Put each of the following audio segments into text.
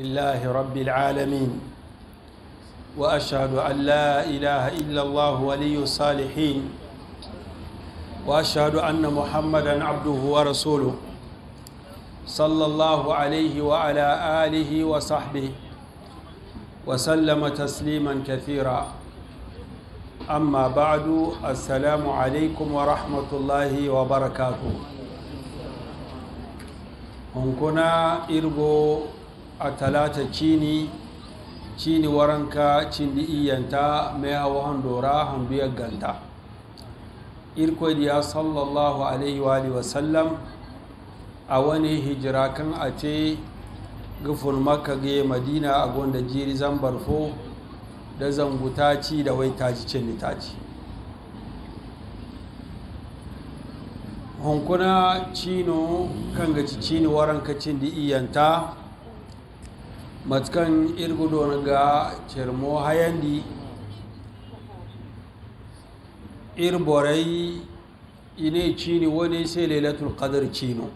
لله رب العالمين وأشهد أن لا إله إلا الله ولي الصالحين وأشهد أن محمدا عبده ورسوله صلى الله عليه وعلى آله وصحبه وسلم تسليما كثيرا أما بعد السلام عليكم ورحمة الله وبركاته هنكنا إرجو a talata cini cini waranka cindi iyanta mai hawa handora ya ganta irkoi ya sallallahu alaihi wa wasallam a wani hijira kan a ce gufin maka ga madina a gonda jiri zambarfo da zanguta ci da wai taji cin taji hunkuna cino kan gaci cini waranka cindi iyanta na ga cermo hayandi irborai ine cini wani sai lailatul qadar cino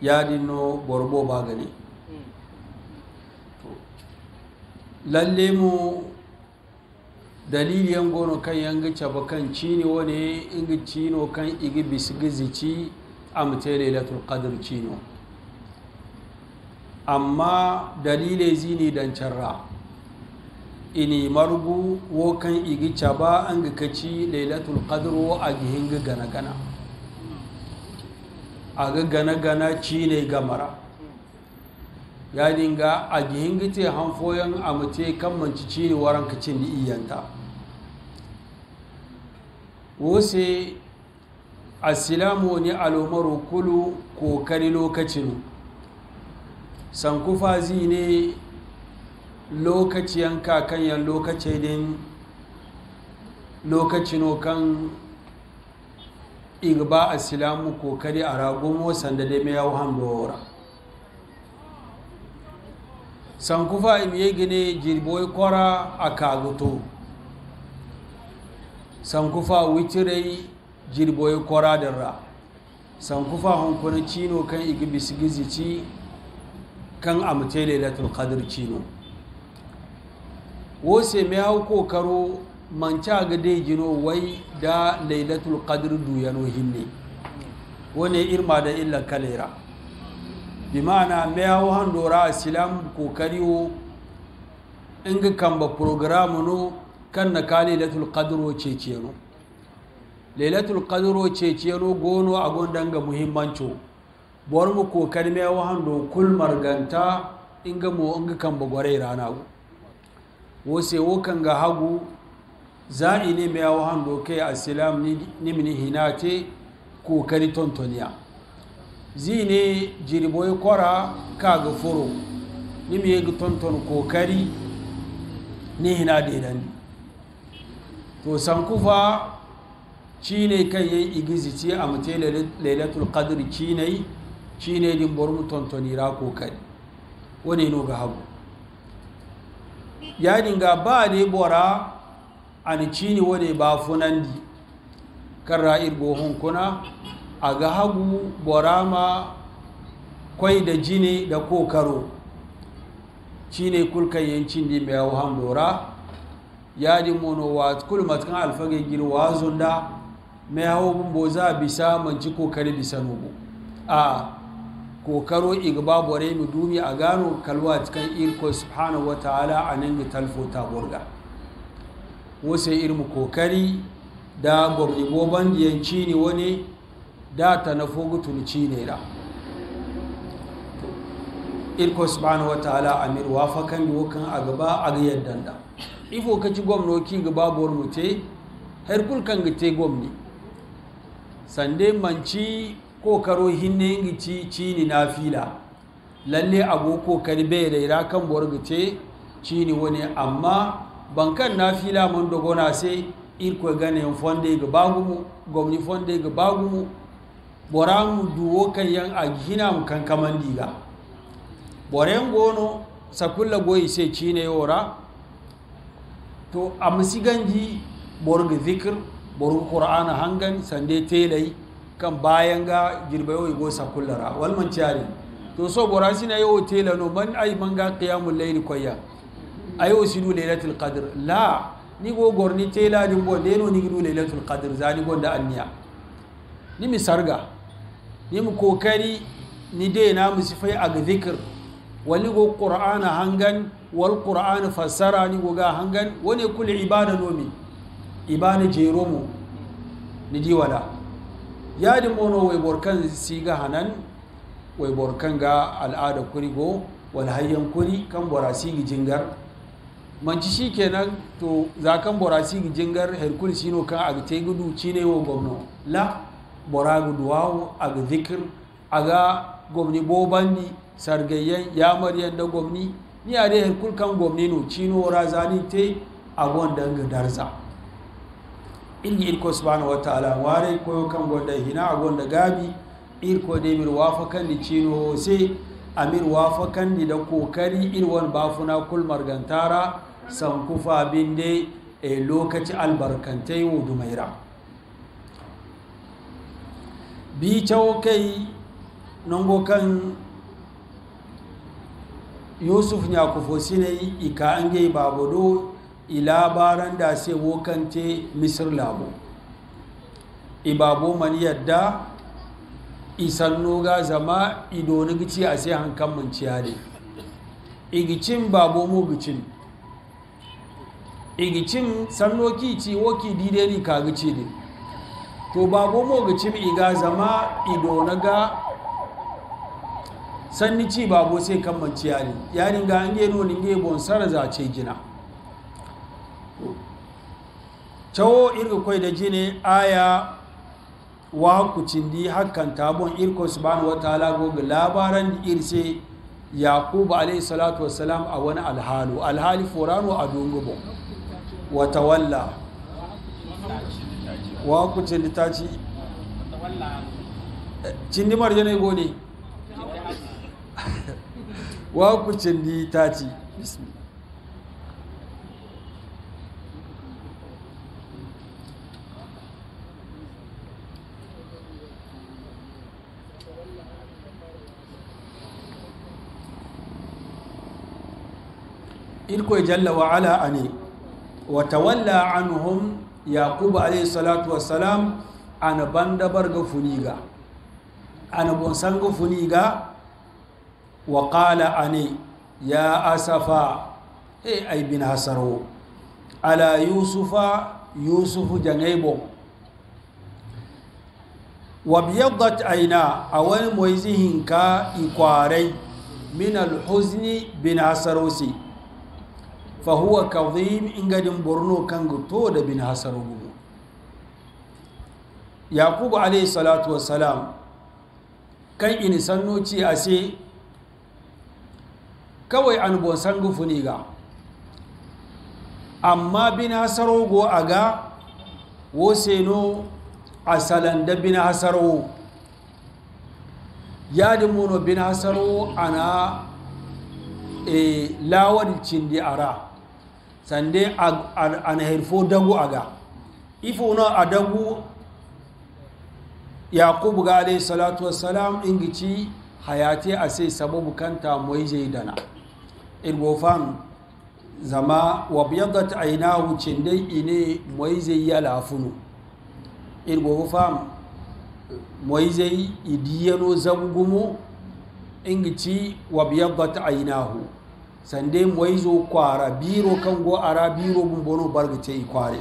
dino borbo gani lalle mu dalili yan gono kan yanga caba kan cini wani inga cino kan igi bisigizici a mutai lailatul qadar cino amma dalilai zini dan carra ini margu wo kan igi caba an ga kaci lailatul qadr wo a gihin ga gana gana a ga gana gana ci ne gamara ya dinga a gihin ga te hanfoyan a mace kan manci ci ne waran ka da iyanta wose asilamu ne alomaro kulu kokari lokacin sankufa ne lokaciyan kakan yan lokaci din lokacin kan igba a silamu kokari a ragon wasan da dai mai yau hamdora sankufa imiye gine jirboi kwara a kagoto sankufa wicirai jirboi kwara da ra sankufa hankunan cino kan igi kan amce lailatul qadr cino wo se me ko karo manca ga dai gino wai da lailatul qadr du yano hinne wone irma da illa kalera bi ma'ana me haw han dora islam ko kariwo ga kamba program no kan na ka lailatul qadr wo no lailatul qadr wo no gono a ga muhimmanco bor mu ko kalme wa hando kul marganta inga mo inga kamba gore rana gu se wo ga hagu za'i ne me wa hando ke asilam ni nimni hinate ko kali tontoniya zine jiriboy kora kaga ni nimi ga tonton ko ni hina dan to sankufa ne kan yayi igiziti a mutele lailatul qadr cine shine din borum tontonira ko kai Wani no ga hagu ya dinga ba ne bora ci cini wani ba Kan ra'ir irgo kuna a ga hagu bora ma kwai da jini da kokaro ne kulkan yancin di mai hauhan dora ya di mono wa kul matkan alfage girwa zunda mai hau bumbo za bisa manci kokari bisa nubu a kokaro igba bore mi dumi a gano kalwa cikin irko subhanahu wa ta'ala a nan mi talfota burga wasu irmu kokari da gwamni goban yanci ne wani data na fogutun ci ne da irko subhanahu wa ta'ala amir kan yi wakan a gaba a ga yadda da ifo ka ci gwamnoki gaba mu mute har kulkan gite gwamni sande manci ko karo hinne ngi ci cini fila lalle abu ko kari bai da ira kan ci cini wani amma bankan fila mun dogona sai irko gane fonde ga bagumu gwamni fonde ga bagumu boramu duwo kan yan a gina mu kan kaman diga boren gono sakulla goyi sai ne yora to a musiganji borga zikir borga qur'ana hangan sande telai kan bayan ga girbe yau go sa kullara wal man ciari to so bora sina yo tela no ban ay manga qiyamul yi koya ayo sinu laylatul qadr la ni go gorni tela din bo de no ni gidu laylatul qadr zani da anniya ni mi sarga ni mu kokari ni de na mu sifai a ga zikir wani go qur'ana hangan wal qur'ana fassara ni go ga hangan wani kul ibada nomi ibada jeromu ni diwala yadi mono wai borkan ga hanan wai borkan ga al'ada kurigo wal hayyan kuri kan bora sigi jingar manci kenan to za kan bora sigi jingar herkul no kan aga te gudu ne wo gomno la bora gudu wawo aga zikir ga gwamni bobandi sargayyan yamar da gwamni ni a dai herkul kan gwamni no no razani te a gondan ga darza ilgi irko subhanahu wataala ware koyo kan gonda hina a gonda gabi irko de mir wafakan ni cino a amir wafakan da kokari irwan bafuna kul margantara sankufa binde e lokaci albarkantai wudu maira bi cawo kai yusuf ya kufo sinai ika an babodo ilabaranda da sai wokante misir labo ibabo man yadda noga zama idoni gici a sai hankan ne igicin babo mu gicin igicin sannoki ci woki dideni ka gici ne to babo mu gicin iga zama ga sanni ci babo sai kan yarin ga an ge ninge bonsar zace gina cawo irga koy da jini aya wa kucindi hakan tabon irko subhanahu wa ta'ala goga labaran irse yaqub alayhi salatu wa salam a wani alhalu alhali forano a dungubo wa tawalla wa kucindi ta taci cindi marjanai gone wa kucindi ta taci irko jalla wa ala ani wa tawalla anhum yaqub alayhi salatu wassalam ana banda barga funiga ana bonsanga funiga wa qala ani ya asafa e ay bin ala yusufa yusufu jangaybo wabiyaddat aina a wani moizihinka ikwarai min alhuzni bin hasarosi fa huwa ingadin borno kan to da bin hasarugu yakubu alayhi salatu wassalam kan ini sannoci ase kawai an bon sangu ga. amma bin hasarugu ga woseno salan da bin hasarugu yadin mono bin hasaro ana e, lawar cindi ara sande ana herfo dangu ga. ifo na adagu yaqubu ga alayhi salatu wassalam ingici hayati sabo sababu kanta moyje dana irgo fam zama aina aynahu dai ine moyje ya lafunu irgofan fam moyje idiyano zabugumo ingici aina aynahu sande zo kwara biro kan ara biro bumbono bargate i kware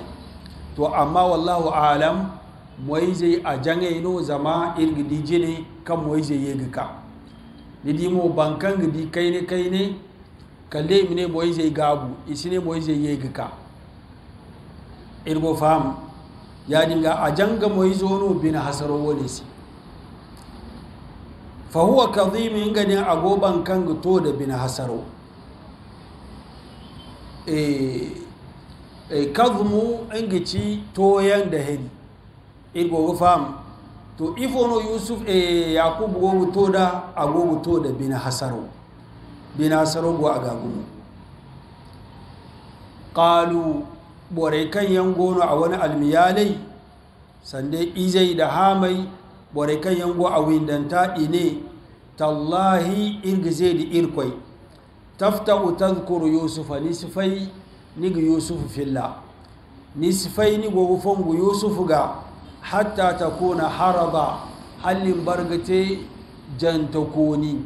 to amma wallahu alam zai a jange no zama irgi dijine kan moyize yegi ka nidimo bankan gidi kaine kaine kalle mine zai gabu isine moyize yegi ka irgo fam ya dinga a janga moyizo no bin hasaro wole si fa huwa kadhimi ngani agoban kan to da bin hasaro Eh, eh, kazmu ngici toyan da hedi irgo fam to ifono yusuf e yakubu go toda ago toda bin hasaro bin hasaro go a qalu bore kan yangono a wani almiyalai sande izai da hamai bore kan yango a windanta ine tallahi irgize da irkwai taftau tadhkuru yusufa nisfai nigu yusufu filla nisfai nigu wufongu yusufu ga hatta takuna haraba halin bargate janta koni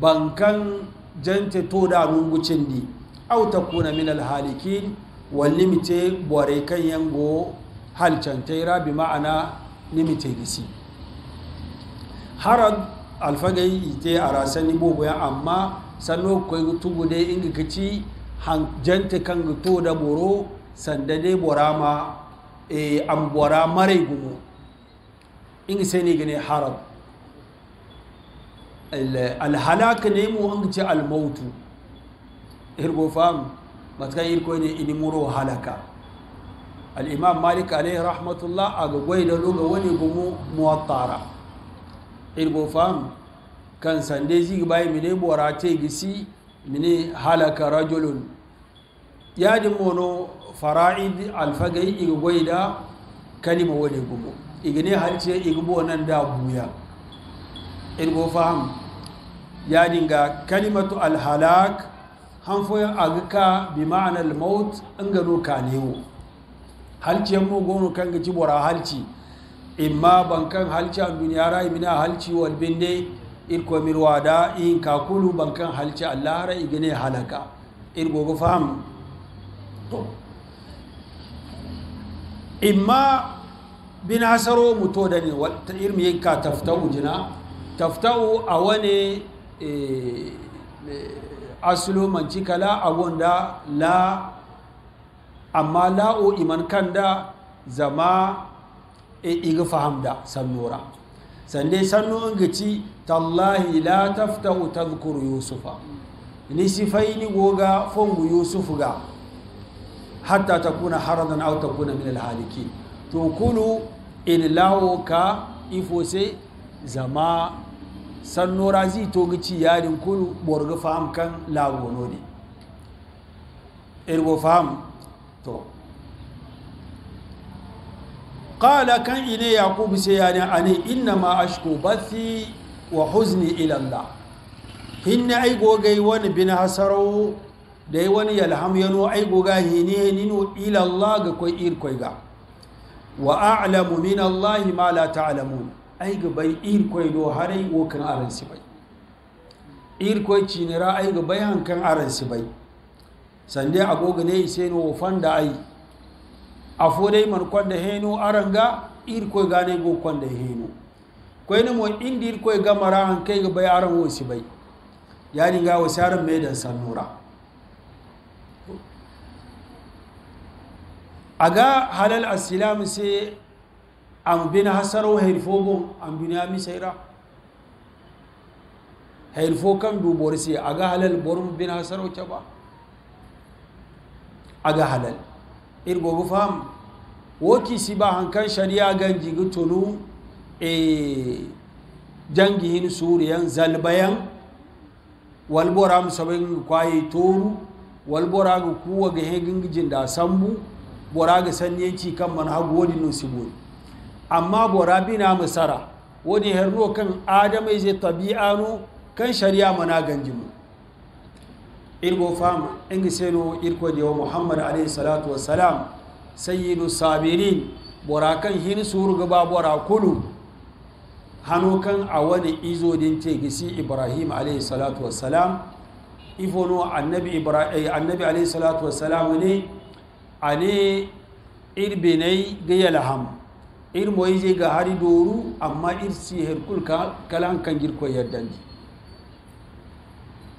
bankan janta to da rungucin di au takuna min alhalikin wallimite bore kan yango halcantaira rabi ma'ana limite gisi harad alfagai ite a rasani ya amma Sannu sanno koy tugude inga kici han jante kanga toda boro sanda de borama e am bora eh, mare gumo inga seni gane haram al halak ne mu an ce al mautu irgo fam matkan irko ne ini muro halaka al imam malik alayhi rahmatullah aga goyda luga wani gumo muwattara irgo fam kan sande zigi bayi mine te gisi mine halaka rajulun di mono fara'id alfagai iga goida kalima wani gumo igine halce igbo nan da buya go faham ya dinga kalimatu alhalak hanfoyin agaka bi ma'anar almaut in gano ka newo halciyar mu gono kan gaci bora halci imma bankan halci a duniya rai mina halci walbin ne irko mirwada in kakulu bankan halci allahara igine halaka irko ku fam to imma binasaro muto da ne wata irmi yaka taftau jina taftau a wani asulu manci kala wanda la amma la'o iman da zama e iga fahimta sannora sande sannu gaci tallahi la taftahu tadhkuru yusufa ni sifaini goga fongu yusufu ga hatta takuna haradan ta kuna min alhalikin to kulu in lawo ka ifo se zama sannu razi to gici yarin kulu borga faham kan lawo nodi Ƙala kan ine yaqub sai ya ne ane inna ma ashku bathi wa huzni ila allah hinne ai gogai wani bin hasaro da yi wani yalham yano ai goga hini nino ila allah ga koi ir koi ga wa a'lamu min allah ma la ta'lamun ai ga bai ir koi do harai wo kan aran si bai ir cinira ai ga bai hankan aran bai sande agoga ne sai no fanda ai a afodai man konde heno aranga irkoy gane go kwanda konde heno ne mo indi irkoy gamara han kay ga bay aran wo sibay yani ga wasaran medan sanura aga halal asilam se am bin hasaro herfobo am dunami sayra herfo kan du borsi aga halal borum bin hasaro chaba aga halal irgo fam woki si ba hankan shari'a ganji gutunu e jangihin suriyan zalbayan walbora mu sabin kwaye toru walbora ga kuwa ga hegin da sambu bora ga ci kan man hagu wani nun sibori amma bora bina masara wani herno kan adamai zai tabi'anu kan shari'a mana ganjimu irgo fam ingi seno irko diyo muhammad alayhi salatu wassalam sayyidu sabirin borakan hin suru gaba bora kulu hanukan kan a wani izo din te gisi ibrahim alayhi salatu wassalam ifono annabi ibrahim eh, annabi alayhi salatu wassalam ne ani irbinai ga yalham ir moyje ga hari doru amma ir sihir kulka kalan kan girko yaddandi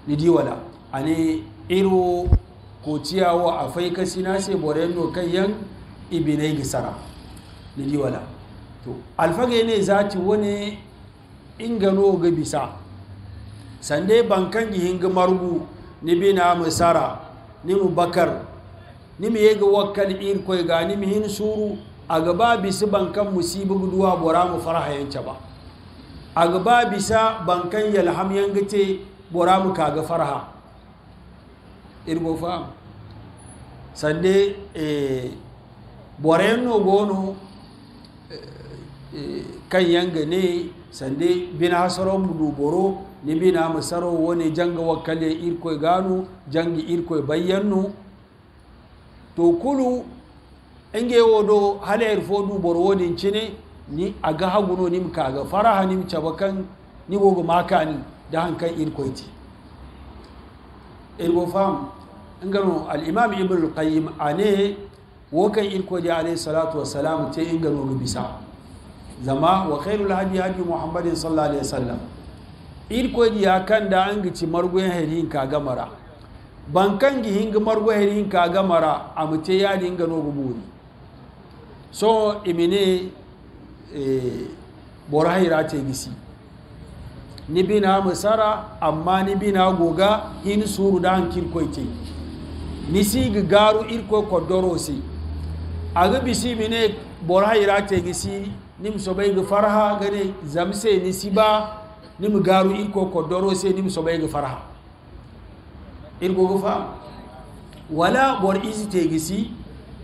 ni di wala ani iru ko ciyawo a fai na se bore no kayan ibinai gisara ni diwala to alfage ne zati wani ingano ga bisa sande bankan gihin ga margu ni bina musara ni mubakar ni mi yega wakkal ir ko ga ni mi hin suru aga ba bisi bankan musibu guduwa bora mu faraha yanca ba a ba bisa bankan yalham gace bora mu kaga faraha fa sande e eh, borenno gono eh, eh, kan yanga ne sande bina hasaro mudu boro ni bina masaro woni janga wakkale irkoye ganu jangi irkoye bayyanno to kulu enge wodo hale fo du boro woni cine ni aga haguno nim kaga faraha nim cabakan ni wogo makani da hankan iti. irgofam ingano al'imam ibn al-qayyim a ne wakan irko da alayhi salatu wa salam te ingano bisa zama wa khairul hadi hadi muhammadin sallallahu alaihi wasallam irko da kan da an gici margoyen hadin ka gamara ban kan gi hinga margoyen hadin ka gamara a mute ya ingano no guburi so imine eh borahira te gisi ni bina masara amma ni bina goga in suru da hankin kwaice ni si garu irko kodoro si aga bisi mine borha si ni mso bai ga farha gane zamse ni si ba ni mu garu irko kodoro ni mso bai ga farha irko gufa wala bor izi te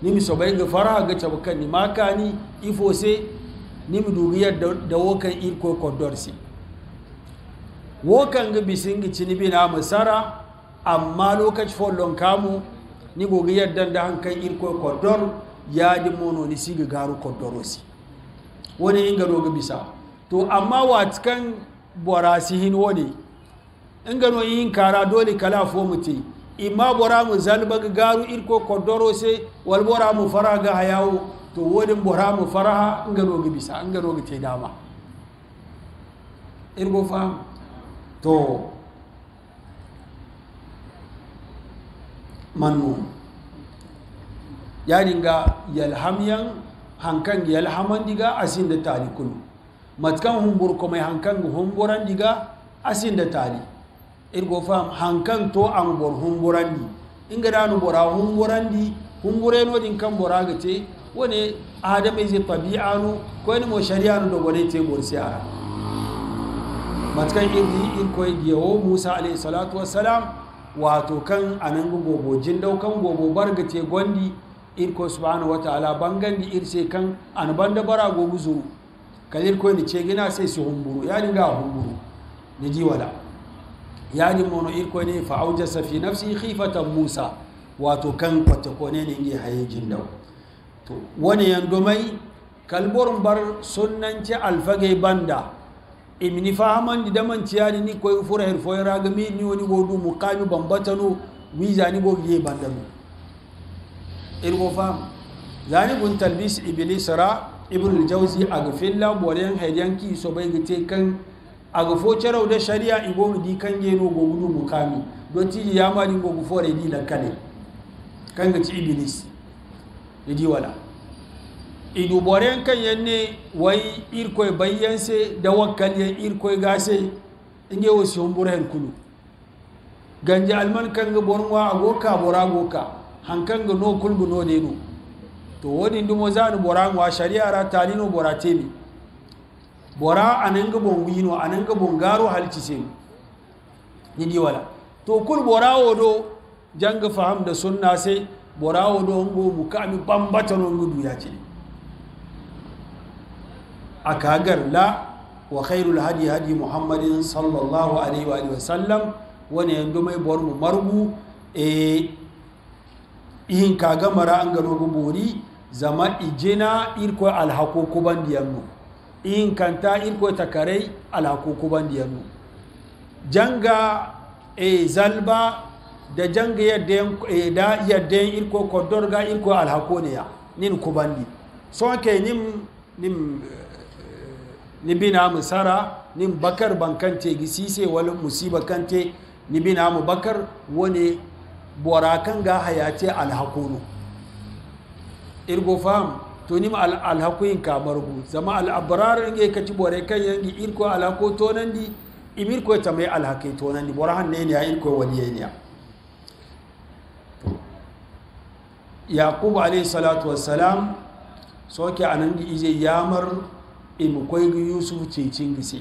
ni mso bai ga farha ga tabakan ni makani ifo se mu dubiyar da wokan irko kodoro si bisin gici ni bi na musara amma lokaci follon kamu ni gogi yadda da hankan irko kodor ya di mono ni ga garu kodorosi wani inga doga bisa to amma watkan borasi hin wani inga no yin kara dole kala fo muti imma bora mu zalba garu irko kodorose wal bora mu faraga hayawo to wodin bora mu faraha inga doga bisa inga doga te dama irgo famu to manmun yaninga yalhamyan hankan yalhaman diga asin da tali kulu matkan humbur kuma hankan humburan diga asin da tali irgo fam hankan to an humburan di inga danu bora humburan di humbure no din kan bora gace wani adamai zai tabi'anu ko ni mo shari'anu no do gode te bor siara matkan irgi irko yawo musa alayhi salatu wassalam wato kan anan gobo jin daukan gobo bargace gondi irko subhanahu wataala bangandi irse kan an banda bara gobu zuru kalir ko ni ce gina sai su humburu ya ni ga humburu ni ji wala ya ni mono irko ne fa sa fi nafsi khifatan musa wato kan kwata ko ne ne ngi haye jin dau to wani yan domai kalborun bar sunnanci alfage banda imini fahamandi damanciyani ni koye fura her foyeraga mi ni woni godu mu mo bambata no mi zani bo ye bandano eri go faam zani gun talbis iblis ra ibnul jawzi aga filla bolen ki so bai gite kan aga fo carau da shari'a igo di kan geno go mu mo don tiji yamani go go fore di kane kan ga ci iblis di wala idu boren kan yanne wai irkoy bayyanse da wakkal ya irkoy gase inge wasi humburen kulu ganje alman kan ga bonwa ka bora goka hankan ga no go no denu to wodi mo zanu bora wa shari'a ra talino bora temi bora anan go bon wino anan go bon garo halci sen ni di wala to kul bora wodo janga faham da sunna sai bora wodo ngo mukami bambata no ngudu ya jini a kagar la wa khairul hadi hadi muhammadin sallallahu alaihi wa sallam wani yanzu mai buwar mu margu e yin kaga mara an gano gubori zama ijina irko alhako kuban diyannu yin kanta irko takarai alhako kuban diyannu janga e zalba da janga yadda e, yin irko kodorga irko alhako ne ya nin kubandi so ke nin ni bina mu sara ni bakar bankante gisise wal musiba kante ni bina mu bakar wani borakan ga al alhakunu irgo fam to ni al alhakuin ka margu zama al abrar ka kati bore kan yangi irko nan di imir ko tamay alhake tonandi borahan ne ne ya irko waliye ne yaqub alayhi salatu wassalam soke anan ije yamar imkoigi yusuf cecin gise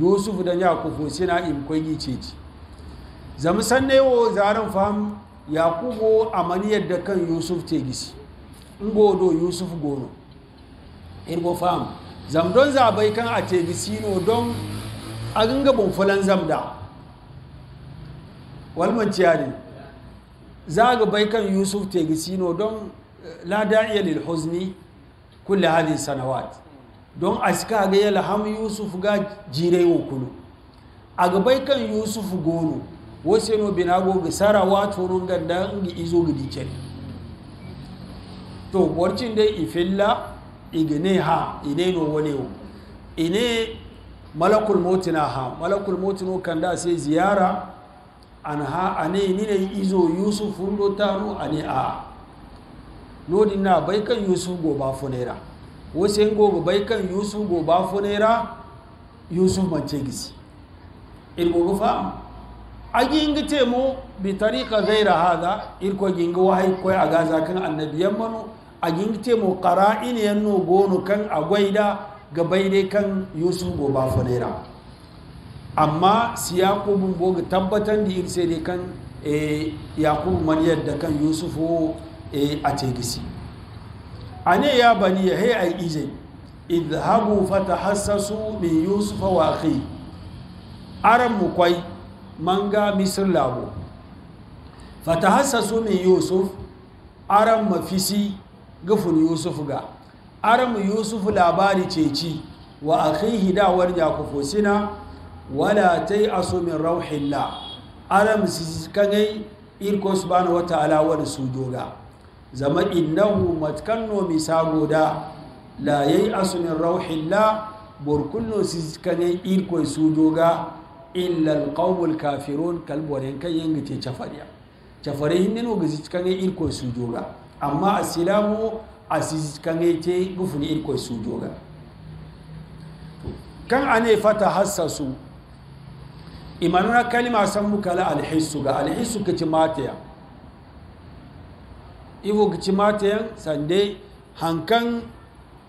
yusuf dan yakubu sina imkoigi ceci zama sanne wo ya faham yakubu maniyar yadda kan yusuf ce in ngodo yusuf goro irgo fam zam don zabai kan a ce gisi no don a ganga bunfulan zamda walman ciyari zaga bai kan yusuf ce gisi no don eh, la da'iya lil huzni kulli hadhihi sanawat don a suka ga yala ham yusuf ga jirai okulu a gabai kan yusuf gono wasu yano binago ga sarawa turun ganda ga izo ga dikiyar to warcin dai ifilla igine ha ine no wane wo ine malakul motina ha malakul motino kan da sai ziyara an ha ne ni ne izo yusuf ndo a ne a nodin na bai kan yusuf go ba funera wosengo gobe bai kan yusuf go funera yusuf yusu manche gisi irgo go fa aji temo bi tariqa ghayra hada irko ginga wahay a gaza kan annabiyan manu a gingi temo ina yan nogonu kan agwaida ga baide kan yusuf go funera amma si yakubun boga tabbatan da irse dai kan eh, yakubu man yadda kan yusufu eh, a tegisi ane ya bani ya hei ai ije idhabu fatahassasu min yusuf wa akhi aran mu kwai manga misr labo fatahassasu min yusuf aram mafisi gufun yusuf ga aran yusuf labari ceci wa akhihi dawar sina wala tai'asu min rauhillah aram su kangai irko subhanahu wataala wani su doga zama innahu matkanno mi sagoda la yayi asunin rauhilla borkunno si kane irkoy sudoga illa alqawmul kafirun kalboren kan yengite cafariya cafare hinneno gisi kane irkoy sudoga amma asilamu asisi kane te gufuni irkoy sudoga kan ane fata hassasu imanuna kalima san mukala alhissu ga alhissu kaci mataya iwo gici yan sande hankan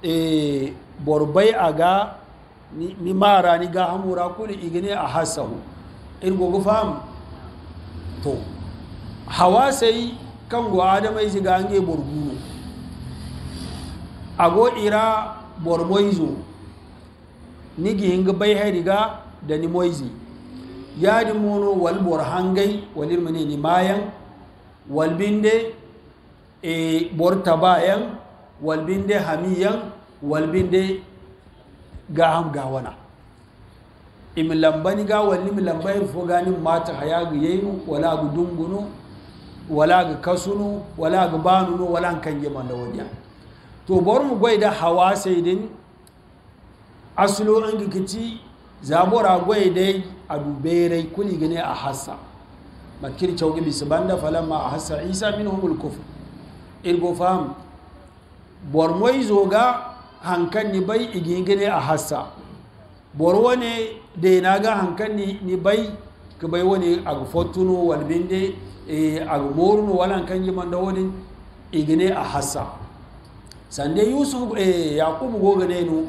e, eh, borbai aga ni, mara ni ga hamura kuli igine a hasahu in gogo fam to hawa sai kan go adama isi ga ange borguno ago ira bormoizo ni gi hinga bai hariga da ni moizi yadi mono wal bor hangai walir mane ni mayan walbinde e bayan dai hamiyan walbinde gaham gawana imi lambani ga walli mi lambayin fo ganin mata haya ga yayin wala ga dungunu wala ga kasunu wala ga banunu wala kan yema da wajja to bor mu gwaida hawa sai din aslo an gikici zabora gwaida a duberai kuli gane a hassa makir chauki bisbanda falamma a hassa isa minhumul al-kufr irgo bor bormoi zoga hankan ni bai igingine a hassa bor wani da na ga hankan ni bai ka bai wani agfotuno a eh, agmoruno walan kan yi manda wani igine a hassa sande yusuf eh, yakubu goga ne no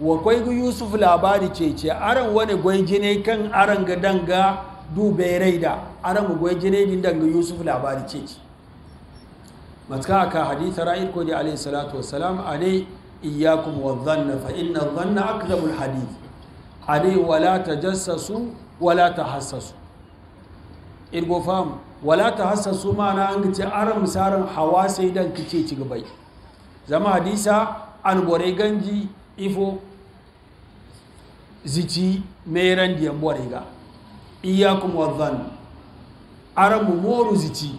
wa kwai gu yusuf labari ce ce aran wani gwaigine kan aran ga danga dube raida aran gwaigine din danga yusuf labari ce ce matka aka haditha ra'id ko da alayhi salatu wa wassalam alai iyyakum wadhanna fa inna dhanna akdhabul hadith alai wala ta tajassasu wala ta tahassasu irgo fam wala ma na an ce aram saran hawa sai dan kice ci gabai zama hadisa an gore ganji ifo zici meran diyan bore ga iyyakum wadhanna mu moru zici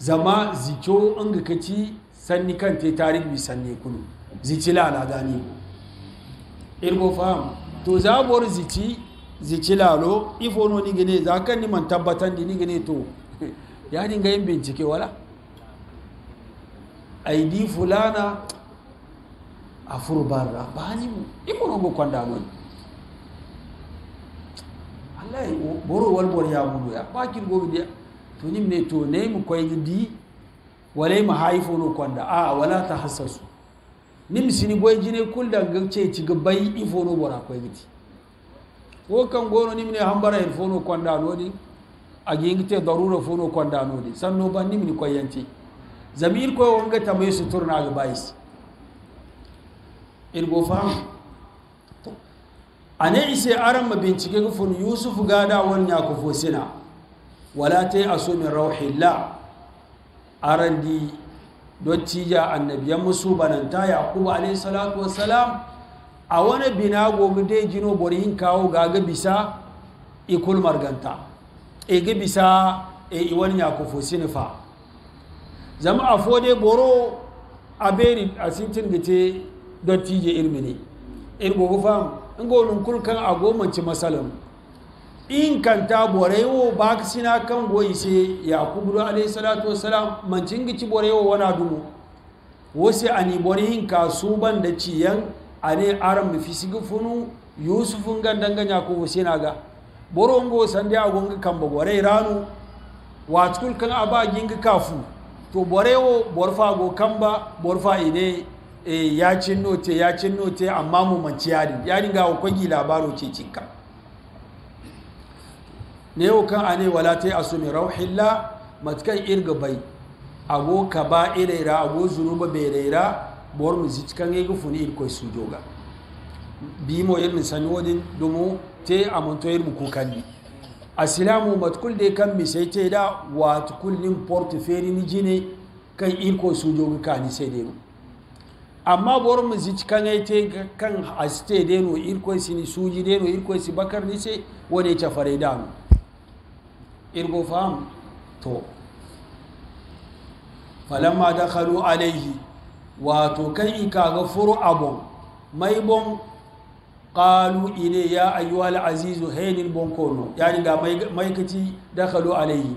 zama zikyo an ga kaci sanni kan te tarihi bi sanni zici zicila na gani irgo faham to za bori zici zicila lo no ni gane za kan ni man tabbatan ni gane to ya dinga yin bincike wala aidi fulana a furbarra ba ni mu ifono go kwanda mun wallahi boro wal bor ya bulu ya bakin gobi tunim ne to ne mu koy di walai mu haifu no kwanda a wala ta hasasu. Ni nim sini boy jine kul da ce ci gabai ifo no bora koy gidi ko kan gono ni ne hambara el no kwanda no di a te darura no kwanda no di sanno ban nim ni koy yanti zamir ko wonga su turna ga il irgo fam ne ise aran mabincike ga fun yusuf gada wani ya ku fosina wala ta yi aso min rauhillah arandi don cija annabiyan musu bananta yaqubu alayhi salatu wassalam a wani bina gobe dai jino bori yin kawo gaga bisa ikul marganta ege bisa e iwani ya kufo sinifa zama a fode boro a beri a sintin gite don tije irmini irgo fam, in golin kulkan a gomanci masalin in kanta borewo ba sina kan goyi ya yakubu do alayhi salatu wassalam mancin gici borewo wana dumo wose ani borihin ka suban da ciyan ane aram mi fisigi funu yusufun gandan danganya ko na ga borongo sande kan kamba bore ranu watkul kan aba ginga kafu to borewo borfa go kamba borfa ine e ya cin note ya cin note amma mu manci yadin yadin ga ko gi labaro ce cikka ne yau kan ne wala ta yi asu mai la matakan irga bai abu ka ba iraira ago zunuba bai raira buwar mu zi cikin yi gufu ne irko su joga bi mo irin sani wani domin yi a montoyar mu kukan ne a silamu matkul da kan mi sai yi da wata kullum portoferi ni jini kan irko su joga ka ni sai dai amma buwar mu zi cikin ta yi kan aste dai yi irko su ni suji dai no irko su bakar ni sai wani ta fare da mu irgo fam to falamma dakhalu alaihi wato kai kaga furu abun mai bon qalu ile ya ayyuhal azizu hainil bon kono yani da mai kaci dakhalu alaihi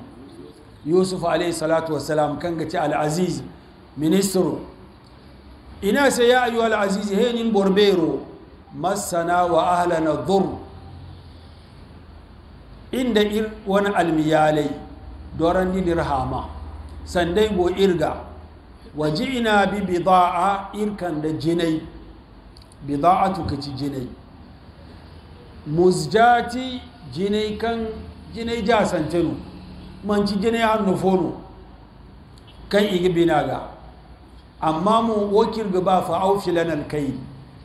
yusuf alaihi salatu wassalam kan gaci al aziz ministro ina sai ya ayyuhal alazizu hainil borbero masana wa ahlana dhurr inda ir wani almiyalai doron nilir hama sandai go irga waje ina bi bida'a irkan da jinai bida'a tukaci jinai muzjati jinai kan jinai ja santinu manci jinai hannu fono kan igi binaga amma mu wakil gaba fa lanar kai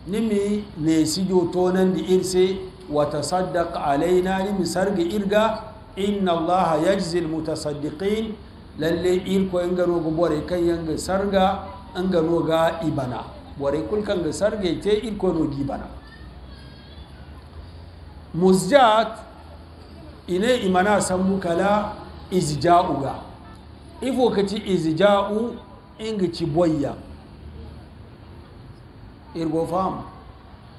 nimi ne si jotonan da irse وتصدق علينا لمسرق إرقا إن الله يجزي المتصدقين للي إلكو إنغنو غبوري كي ينغ سرقا إنغنو غا إبنا وري كل كنغ سرقا تي إلكو نو جيبنا مزجات إني إمنا سمو كلا إزجاؤ غا إفو كتي إزجاؤ إنغ تبويا إرغو فام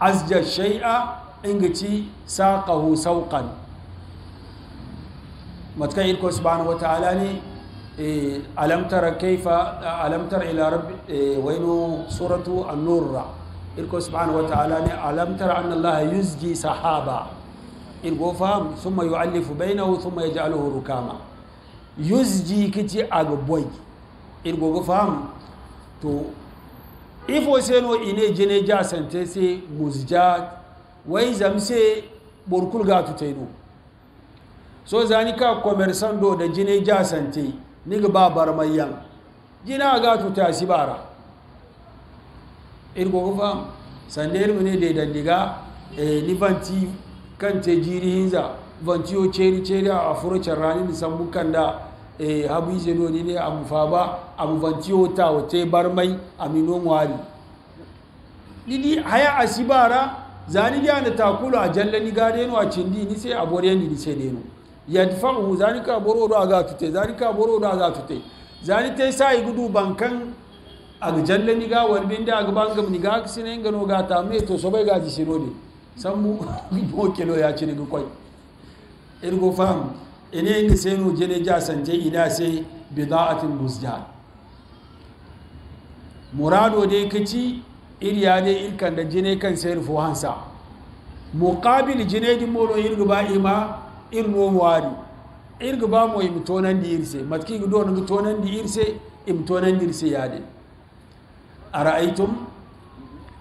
أزجا شيئا ingici saqahu sauqan matkan irko subhanahu wataala ni alam tara kayfa alam tara ila rabbi wainu suratu an-nur irko subhanahu wataala ni alam tara anna allaha yuzji sahaba irgo faham thumma yu'allifu bainahu thumma yaj'aluhu rukama yuzji kici agboy irgo go faham to ifo seno ine jene ja sante se muzjat wai zamse burkul ga ta taidu so zani ka commerçant do da jine jasante ni ga ba mayan jina ga ta ta bara irgo fam sande irgo ne da dandiga e eh, ni vanti kan te jiri hinza vanti o cheri cheri a afuro charani ni bukan kanda e habu yi no ni ne a amu faba mu vanti o ta o te barmai amino ngwari lidi haya asibara zani gya na takulu a jalla ni gade no a cindi ni sai abore ni ni sai ne no yadfa'u zani ka boro do aga tute zani ka boro do aga tute zani tai sai gudu bankan a jalla ni ga warbin da aga bangam ni ga sine ngano ga ta me to sobai ga ji shiro de sambu bo kelo ya ci ni ga koi irgo fam ene ni sai no jene ja sanje ina sai bida'atin musja muradu dai kaci irkan da jine kan sai rufo hansa muqabil jine din moro ba ima irno wari ba mo im tonan di irse matki don no tonan di irse im tonan di irse yade ara'aytum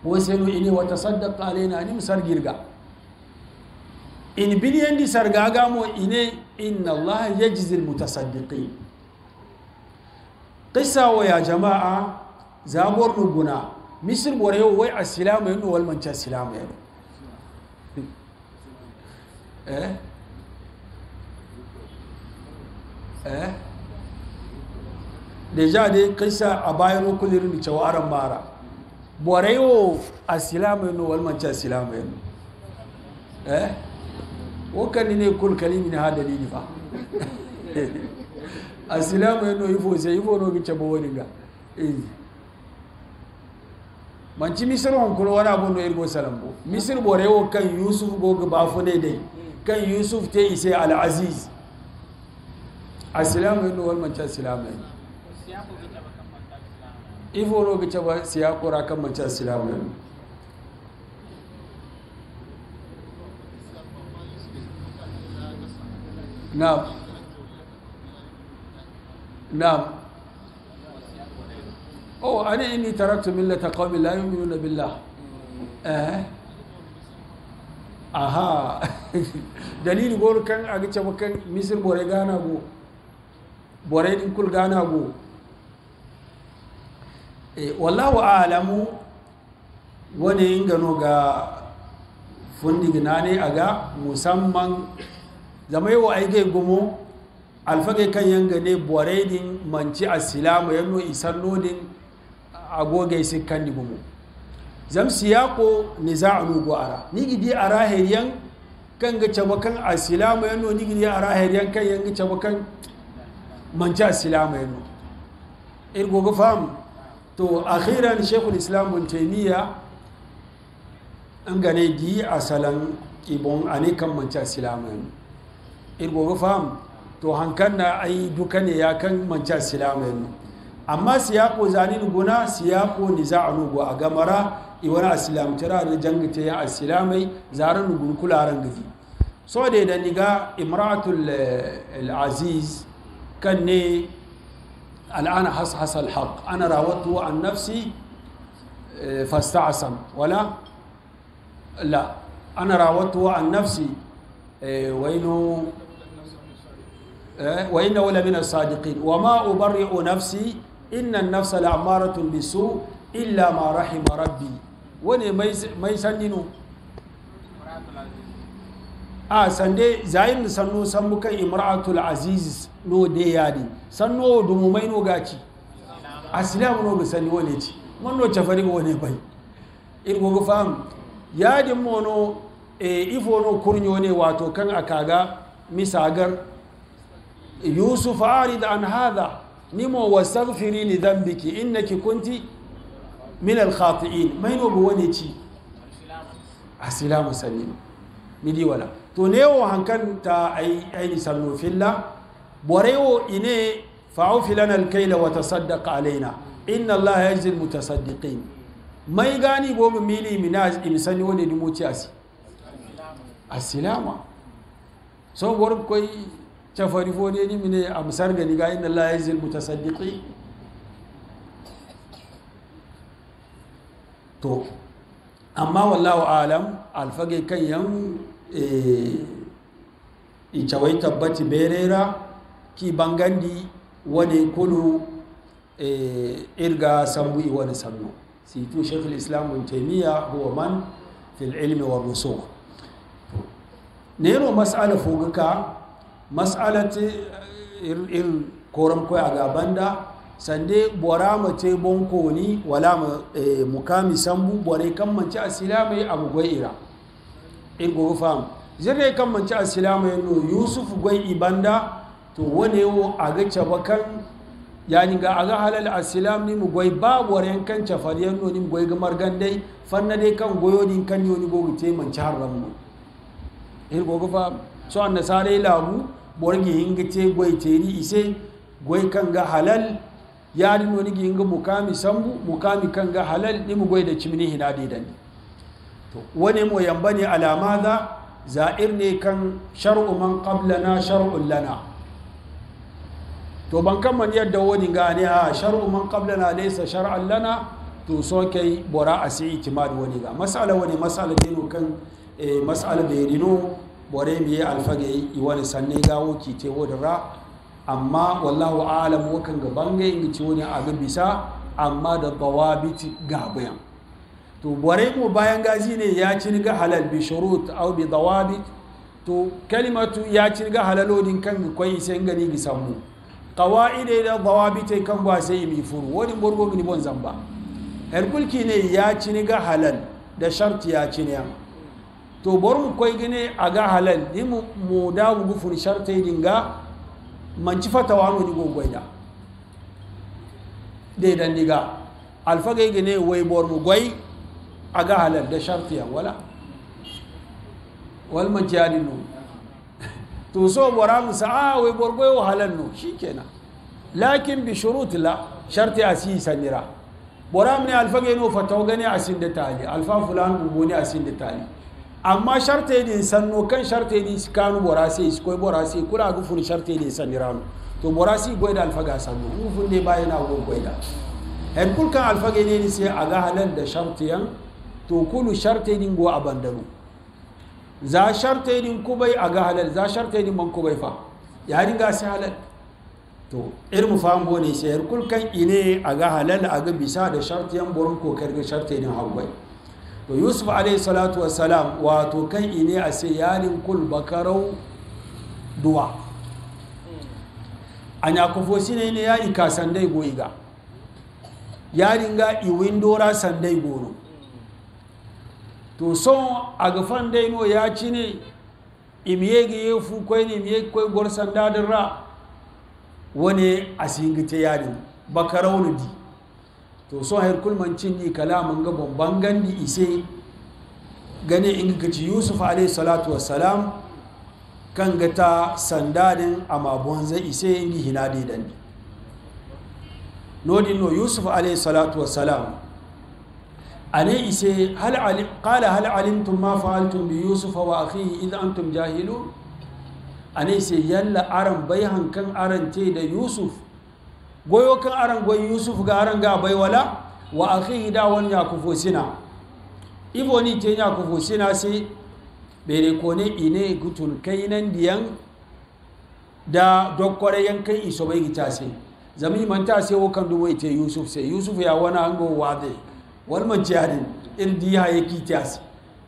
wasenu ini wa tasaddaq alaina anim sargirga in biliyan di sargaga mo ine inna Allah yajzi al mutasaddiqin qissa wa ya jama'a zamur ɗuguna. misir bore yau wai a silama yin wal manca silama yin eh eh deja dai kaisa a bayan kulirin da cewaran mara bore yau a silama yin wal manca silama yin eh wakanni ne kul kalimi na hadali ne fa a silama yin no ifo a ifo no gice bo wani ga eh manci misir kuro wani abun da irgo salambo misir yau kan yusuf goga bafu ne dai kan yusuf te ise al'aziz silamu yin wal manci silamu yin iforo bice ba siyakura kan manci silamu yin na na oh ana inni taraktu millata qaumin la yu'minuna billah eh aha dalili gol kan a agi cewa kan misir bore gana go bore din kul gana go eh wallahu a'lamu wani ingano ga fundigina ne a ga musamman zama yau aige gumo alfage kan yanga ne bore din manci asilamu yanno isan nodin agogay si kandi gumu zam za a nugu ara ni gidi ara heriyan kan ga cewa kan ya yano ni gidi ara heriyan kan yanga cewa kan manci asilamu yano irgo ga fam to akhiran shaykhul islam ibn taimiyya an gane gi salan ibon ne kan manci asilamu yano irgo ga fam to hankan na ai duka ne ya kan manci ya yano amma siyaqo zanin guna siyaqo niza'nu go agamara iwana asilam tara da jangite ya asilamai zaran gun kularan gazi so da da niga imratul aziz kan ne الآن حصحص الحق أنا راودته عن نفسي فاستعصم ولا لا أنا راودته عن نفسي وإنه وإنه لمن الصادقين وما أبرئ نفسي inna nafsa la'amaratun bisu illa ma rahima rabbi wane mai sanninu a sande zayin da sannu san muka imratul aziz no de yadi sannu da mu mai no gaci silamu no sanni wane ci mun no chafari wane bai irgo go fam yadi mono e ifo no kurnyo ne wato kan akaga misagar yusuf arid an hadha nimo wastaghfiri li dhanbiki innaki kunti min al-khati'in maino bo woni ci asilamu sallim midi wala to ne newo hankan ta ai ai sallu filla borewo ine fa'ufi lana al-kayla wa tasaddaq alaina inna allaha yajzi al-mutasaddiqin mai gani gobe mili mina imsani woni dumuci asi asilama so gor koy cafari fone ni mine amsar gani ga inna la yazil mutasaddiqi to amma wallahu alam alfage kan yan e cawai tabbati berera ki bangandi wani kulu irga sambu i wani sannu situ shekul islamun taimiyya huwa man fil ilmi wa rusu ne yaro mas'ala fuguka mas'alati ir eh, ir koram a gaban banda sande bora ma te bonko ni wala ma eh, mukami sambu Bora kan manci asilama ya abu gwai ira in go fam zire kan manci asilama ya no yusuf gwai ibanda to wane wo ga cabakan yani ga aga halal asilam ni mu gwai ba yan kan cafariyan no ni gwai ga gamar gandai fanna dai kan goyo din kan yoni go te manci har ramu in go fam so nasare lagu borgi hinga te goy teri ise goy kanga halal yari noni gi hinga mukami sambu mukami kanga halal ni mu gwai da cimini hinadi dan to wani mo ne alama za za'ir ne kan shar'u man qablana shar'un lana to ban kan yadda wani gane a shar'u man qablana laysa shar'an lana to so kai bora asi itimad wani ga masala wani masala dinu kan eh, masala da yadinu bore mi yi alfage yi wani sanne ga wo ki te wo dara amma wallahu alam wo kan ga bange in ci wani abin bisa amma da dawabit ga bayan to bore mu bayan gazi ne ya ci ga halal bi shurut aw bi dawabit to kalimatu ya ci ga halalodin kan koyi sai gani gi sammu qawaide da dawabit kan ba sai mi furu wani borgo ni bon zamba herkulki ne ya ci ga halal da sharti ya ci ne to bor mu koy gine aga halal ni mu mu da mu gufur sharta dinga manci fatawa no digo goida de dan diga alfa gai gine wai bor mu goy aga halal da ya wala wal majali to so bora mu sa a ah, wai bor goy wa halal no shikenan lakin bi shurut la sharti asi sanira bora mu ne alfa gai no fatawa gane asin da tali alfa fulan bu ne asin da tali amma sharte ne sanno kan sharte ne kanu borase iskoi borase kula gu fun sharte ne sanirano to borasi goida alfaga sanno gufun ne bayana go goida hen kulkan alfaga ne ni sai ga halar da shartiyan to kulu sharte din go abandano za sharte din kubai ga halar za sharte din man kubai fa ya dinga sai halal to irin fambo ne sai her kulkan ine halar a ga bisa da shartiyan borin kokar ga sharte din hawai to yusuf alaihi salatu wasalam wato kan ine a sai yarin kul bakarau duwa a yakufo shi ne ne yari ka sandai goyi ga yarin ga iwin dora sandai goro to son a gafan daino ya ci ne imiye ga ya fu kwai ne imiye kwai gwar sanda ra wani a singita yarin bakarau di to so hayar kulman cinni kalaman ga bomban gandi ise gane in ka ci yusuf alayhi salatu wassalam kan ga ta sandadin amabuwan zai ise ingi hina didan ni nodin no yusuf alayhi salatu wassalam ane ise hal ali qala ma fa'altum bi yusuf wa akhihi id antum jahilun ane ise yalla aran bai hankan aran ce da yusuf goyo kan aran goyi yusuf ga aran ga bai wala wa akhihi da wani yakufu sina ibo ni ke yakufu sina sai bere kone ine gutun kai nan diyan da dokkore kai iso bai gita sai zami ta sai wakan dubo te yusuf sai yusuf ya wani ango wade wal man jihadin in diya yake ta sai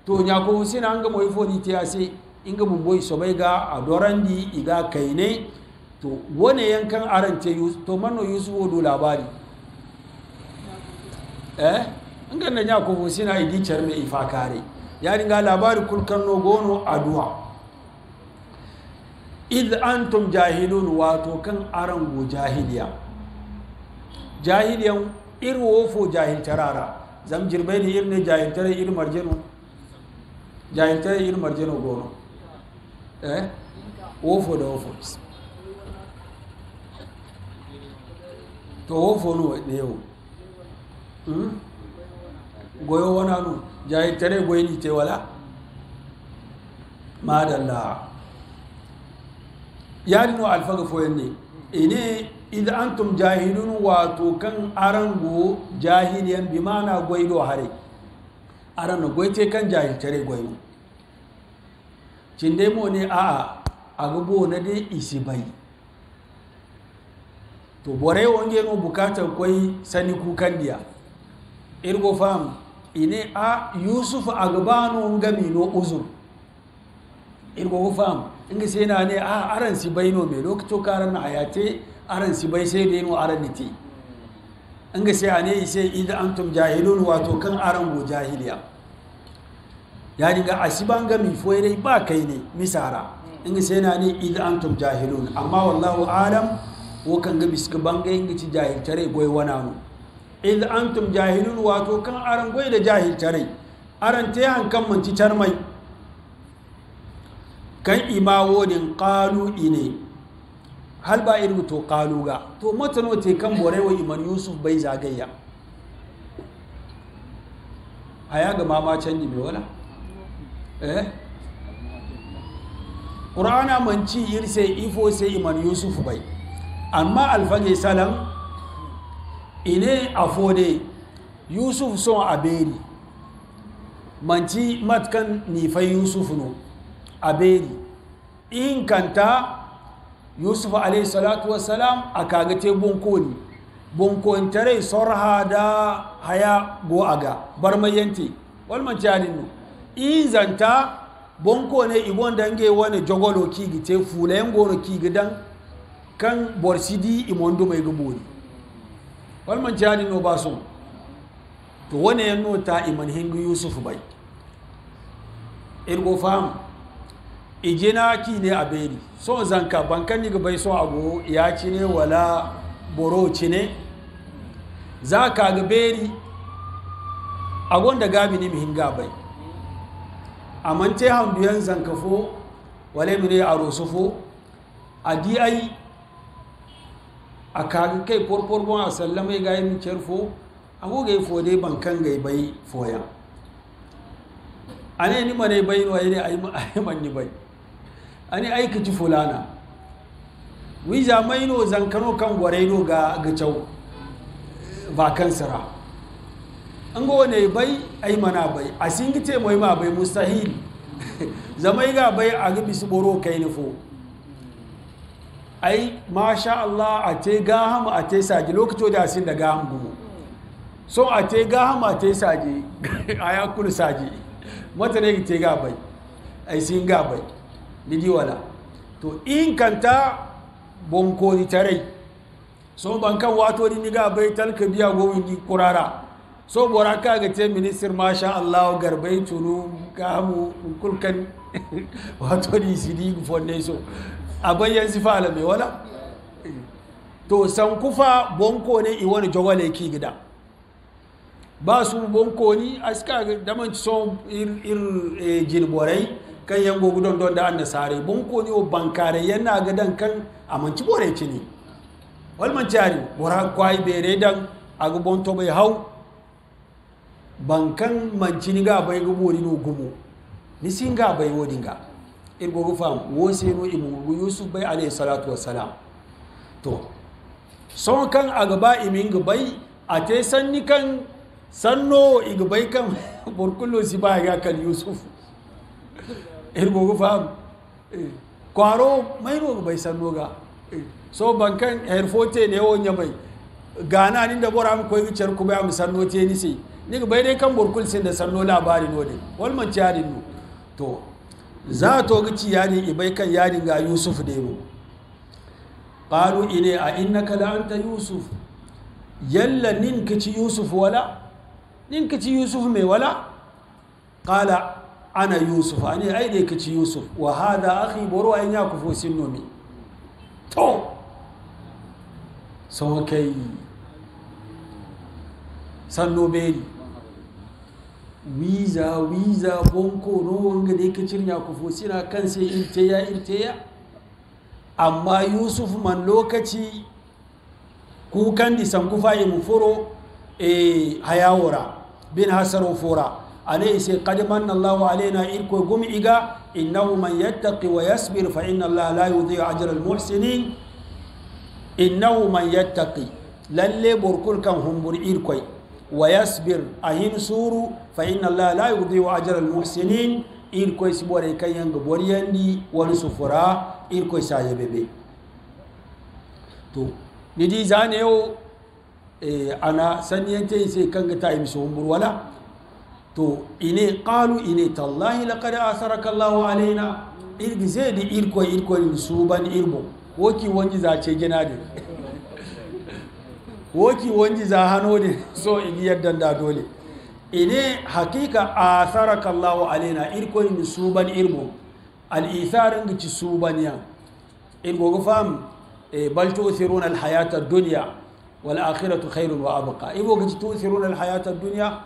to yakufu sina an ga moyi ta sai in ga boyi so bai ga adorandi iga kai ne to wane yankan arance to mano yusuf do labari eh in na da yakubu sina idi charme ifa kare ya dinga labari kulkan no gono Idan id antum jahilun wato kan arango jahiliya jahiliyan irwofo fo jahil tarara zam jirbe ni irne jahil tare ir marjeno jahil tare ir marjeno gono eh wofo da wofo to wo fonu wa ɗeyo goyo wana nu jayi tare goyini te wala madalla yari no alfaga foyen ne ine idan antum jahilun wato kan arangu jahiliyan bi mana goydo hare aran goyte kan jahil tare goyno cinde mo ne a'a agubo na dai isi bai to bore no bukata kwai sani kukandiya irgo fam ine a yusuf agbanu ngami no uzur irgo fam inga na ne a aran si baino me lokto karan ayate aran si bai sai dai no aran niti inga sai ne sai idan antum jahilun wato kan aran go jahiliya yani ga asibanga mi foire ba kai ne misara inga sai na ne idan antum jahilun amma wallahu alam wo ga biska bangai hinga ci jahil tare goy idan an antum jahilun wato kan aran goy da jahil tare aran te han kan man ci tarmai kan imawo din qalu ine hal ba irin to qalu ga to matano te kan bore wa iman yusuf bai zagayya aya ga mama canji mai wala eh qur'ana mun ci irse ifo sai iman yusuf bai amma alfajir salam a afode yusuf son aberi manci matkan nifai yusuf no a aberi in kanta yusuf alayhi salatu wassalam akaga te bonkoni tare sorha da haya go aga barmayanti wal manci no in zanta bunkone ne igon dange wani jogolo kigi te fulayen goro kigi dan kan borsidi imondo mai gumori walman jani no ba sun to wane ya nota iman hingu yusuf bai irgo fam ijina ki ne a beri so zanka bankan ni bai so ago ya ci ne wala boro ci ne za ka ga beri agon da gabi ne mihinga bai amance handuyan zankafo wale mire a rosufo a di ai akaga kai porpor bon a sallama ga yi a fo agoga fo dai bankan ga bai foya ane ni mane bai no ayre ay man ni bai ane aikaci fulana wija mai no zankano kan gwarai no ga ga cau vakan sara an go ne bai ai mana bai a asingite mai ma bai mustahil zamai ga bai a gibi su boro kai ni fo ai masha Allah a te gaham a te saji lokacin da asin da gaham gumu so a te gaham a te saji a ya kulu saji mata ne te gabai ai sin gabai ni wala to in kanta bonko ni tare so ban kan wato ni gabai talka biya gowin ni kurara so bora ka ga te minister masha Allah garbai tunu gahamu kulkan wato ni sidi fonne so akwai yanzu fa mai wala to kufa bonko ne i wani jogole ki gida ba su bonko ni a suka ci son ir e, jilborai kan yango gudon don da sare bonko ne o bankare yana gadan kan a bore ci ne walman jari bora kwai bere dan a gubon bonto bai hau bankan manci ni ga bai gubori no gumo ni singa bai wodinga irgo gufam wo seno imu yusuf bai alayhi salatu wassalam to son kan agaba imin gubai a te sanni kan sanno igbai kan burkullo si ba ga kan yusuf irgo gufam eh, kwaro mai no gubai sanno ga eh, so bankan herfote ne wonya bai gana ni da bora mu koyi cer ku bai mu sanno te ni sai ni gubai dai kan burkul sin da sanno labarin no dai wal man ciyarin no to za to ci yari ibai kan yani ga yusuf ne mu ine ile a inna ka anta yusuf yalla nin kici yusuf wala nin kici yusuf mai wala ƙala ana yusuf a ai ne kici yusuf wa hada akhi boro an ya kufo nomi. to sau kai sannu wiza wiza bonko no wanga da yake cirnya ku fosina kan sai inteya inteya amma yusuf man lokaci ku kan di sangu fayi mu furo e eh, hayawora bin hasaro fora alayhi sai qad manna Allahu alaina irko gumi iga innahu man yattaqi wa yasbir fa inna Allah la yudhi'u ajra al muhsinin innahu man yattaqi lalle burkul kan humbur irkoi ويصبر أهين سورو فإن الله لا يضيع أجر المحسنين إن كويس بوري كي ينقبور يندي ونسفرا إن كويس آيه بيبي تو ندي زانيو إيه أنا سنينتين سي كنغ تايم سومبر ولا تو إني قالوا إني تالله لقد آثرك الله علينا إرق زيدي إرقوي إرقوي نسوبا إرمو وكي ونجزا تشجنا دي woki wonji za hanode so igi yaddanda dole ine hakika a saraka Allahu alaina irko in suban irbo al ithar ngi ci suban ya irbo go fam e bal tu'thiruna al hayata ad-dunya wal akhiratu khairun wa abqa irbo go tu'thiruna al hayata duniya dunya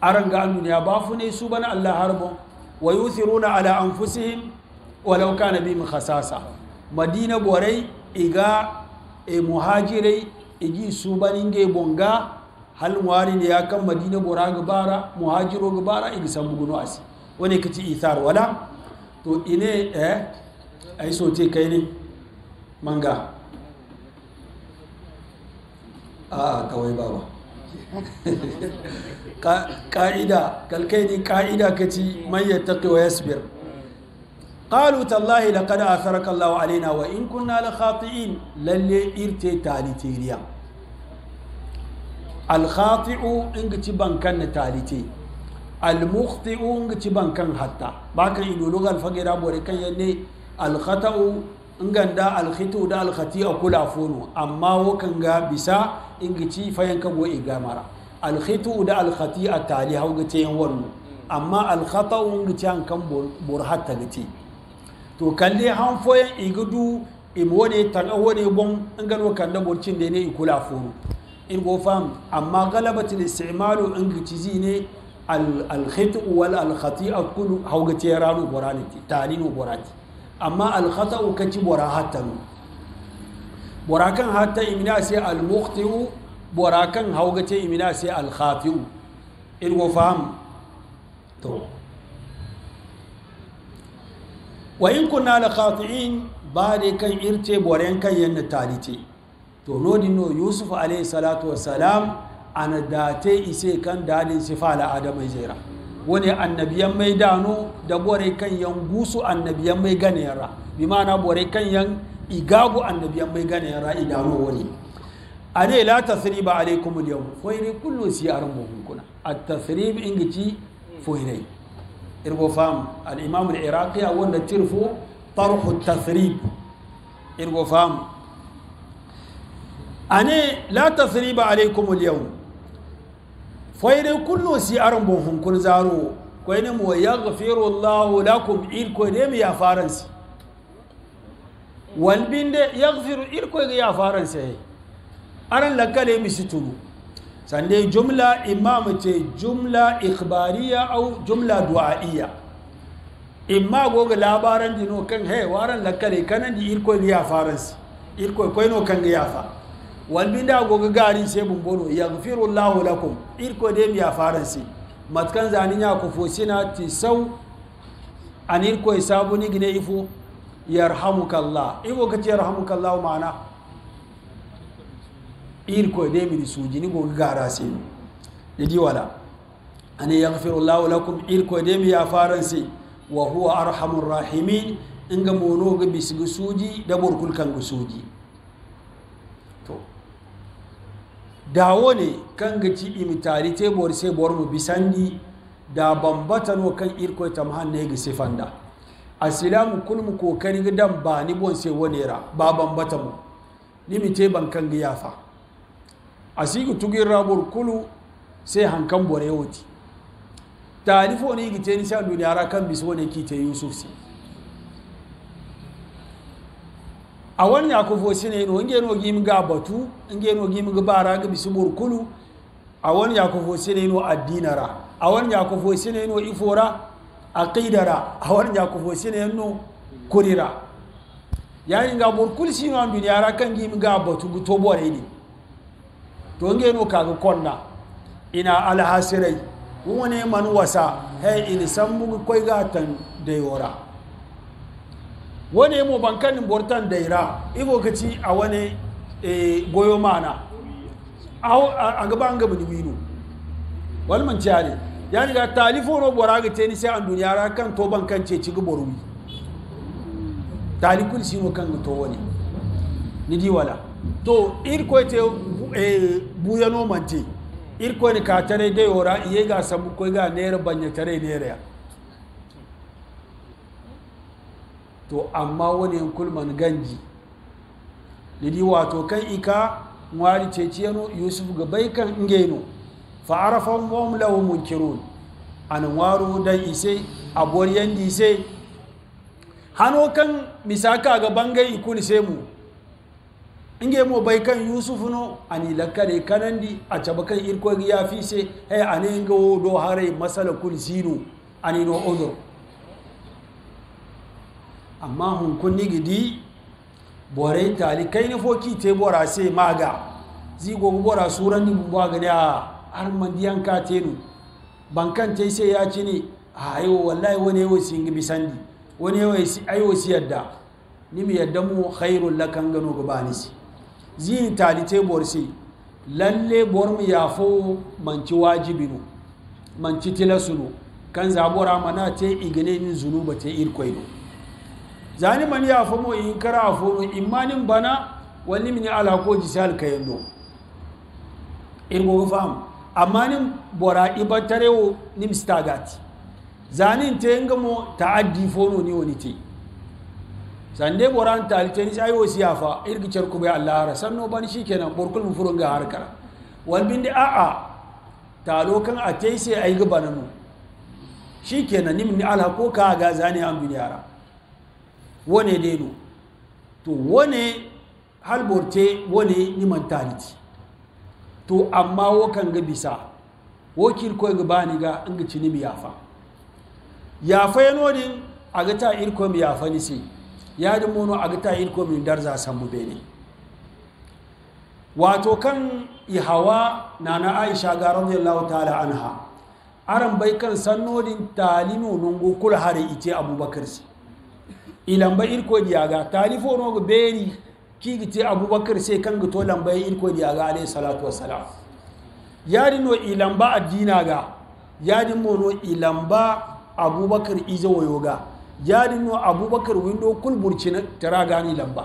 aranga an dunya bafune suban Allah harbo wa yuthiruna ala anfusihim walau kana bihim khasasa madina borai iga e muhajirai igi su subaninge bonga hal ne ya kan madina gora Bara, muhajiro gabara igi sambuguno asi wani kaci ithar wala to ine eh ai te kai ne manga a kawai baba ka'ida kalkai ne ka'ida kaci man yattaqi wa yasbir قالوا تالله لقد آثرك الله علينا وإن كنا لخاطئين للي إرتي تالي تيريا alkhati'u inga ci bankan na talite almukhti'u inga ci bankan hatta Ba bakan ido lugal fagira bore kan yanne alkhata'u inganda alkhitu da alkhati a kula funu amma wakan ga bisa inga ci fayan ka kago igamara alkhitu da alkhati a tali hau ga yan warnu amma alkhata'u inga ci an kan bor hatta ga ci to kalli han foyan igudu imwone tagawone bon ingan wakan da borcin da ne ikula funu. إن فهم أما غلبة الاستعمال إنك تزيني الخطأ والخطيئة كل هو تيران وبرانتي تعليل وبراتي أما الخطأ كتب وراهتن وراكن حتى إمناسي المخطئ وراكن هو إمناسي الخاطئ إن فهم تو وإن كنا لخاطئين بعد كان إرتب بورين كان ينتاليتي to nodino yusuf alayhi salatu wassalam ana ta ise kan dalin sifala adamai e jera wani annabiyan mai dano da bore kan yan gusu annabiyan mai ganera bi ma'ana bore kan yan igagu annabiyan mai ganera idano wani ade la tasrib alaykum al-yawm khayri kullu siyar muhkuna at-tasrib ingici foyrai irbo fam al-imam al-iraqi wanda tirfu tarhu at-tasrib irbo fam ane la tasriba alaykum al yau, foyre kullu si aron bon hun kun zaro koyne mo yaghfiru Allahu lakum il koyne mi ya faransi walbinde yaghfiru il koyne ya faransi aran lakale mi situru sande jumla imam ce jumla ikhbariya au jumla du'aiya imma goga labaran dino kan he waran lakale kanan di il koyne ya faransi il koyne kan ya faransi wandi da goga garin sai ya gafiru Allah lakum irko ya mi sai. matkan zanin ya ku fosina ti sau anir ya isabu ni gine ifu Allah ibo kace Allah ma'ana irko da mi suji ni goga gara sai yidi wala ani gafiru Allah lakum irko da mi sai. wa huwa arhamur rahimin inga mono ga bisu suji da burkul kan suji Da dawone kanga ciɓi mi tari tebur se bori mu bisandi da no kan irko tam hanne ga sifanda asilamu kulmu kokari ga dan ba ni bon se ra ba bambata mu ni mi te ban kanga yafa asigu tugir rabur kulu sai hankan bore yoti tarifo ne gite ni sha duniya ra kan biswo ne te yusuf sai shi ne awon yakov hosineno ngeno ga batu burkulu a wani ya kufo shi ne ino addinara shi ne ino ifora kufo shi ne ino kurira yayin ga burkulu shi ne duniya ra kan ga batu to bore ne to ngeno kaga konna ina alhasirai wone man wasa mu in sambu koy gatan deyora wani mo bankan important daira ibo ci a wani eh, goyo mana a gaba an gaba niminu walman ciyare ya ni talifo no bora ga teni sai an duniya ra kan to bankan ce ci gaba ruwi talikul shi kan to wani ni di to irko ko te eh, buya no ce, irko ko ni ka tare dai yora iya ga sabu kai ga nera banya tare nera ya to amma wani kulman ganji lidi wato kan ika ceci yano yusuf ga bai kan ingeno fa'arafan wam lahu munkirun an waru dan ise abuwar yandi ise hano kan misaka ga bangai ikul mu, inge mu bai kan yusuf no ani lakare kanandi a caba kan irko ya fi a hey ane ga do hare masala kul a ani odo amma hunkun nigidi borai tali kai ni foki te bora se maga zigo bora suran ni bwa gani a har mandiyan ka bankan te sai ya ci ni a ayo wallahi wani yawo singi bisandi wani yawo ayo si yadda ni mi yadda mu khairul lakan gano gabani si zi tali te bor si lalle bor mu yafo manci wajibi mu manci tilasunu kan zabora mana te igene ni zunuba te irkoino zani mani ya fomo in kara fomo imanin bana wani mini ala ko jisal kayendo irgo fam amma nin bora ibatare nim zani zanin te ta ta'addi fono ni wani te sande boran ta altenis ayo siyafa irgi cerku be Allah ra sanno ban shikenan borkul mu furun ga harkar wal bindi a a ta lokan a tai sai ayi gaba nan shikenan ni mini ko ka ga zani an duniyara wane deno to wane halborte wone nimantaliti to amma wakan ga bisa wo kirkoyga baniga nga cinimi yafa yafa yanodin agata irkomi yafani ya yi mono agata irkomi darza samu bene wato kan ihawa na aisha ga radiyallahu an anha aran bai kan sannodin talimi nungo kula hari ite abubakar si ilamba irko diyaga talifo no beri kigiti abubakar sai kan to lamba irko diyaga alayhi salatu wassalam yari no ilamba addina ga yari mo no ilamba abubakar wayo ga yari no abubakar windo kul burcin tara gani lamba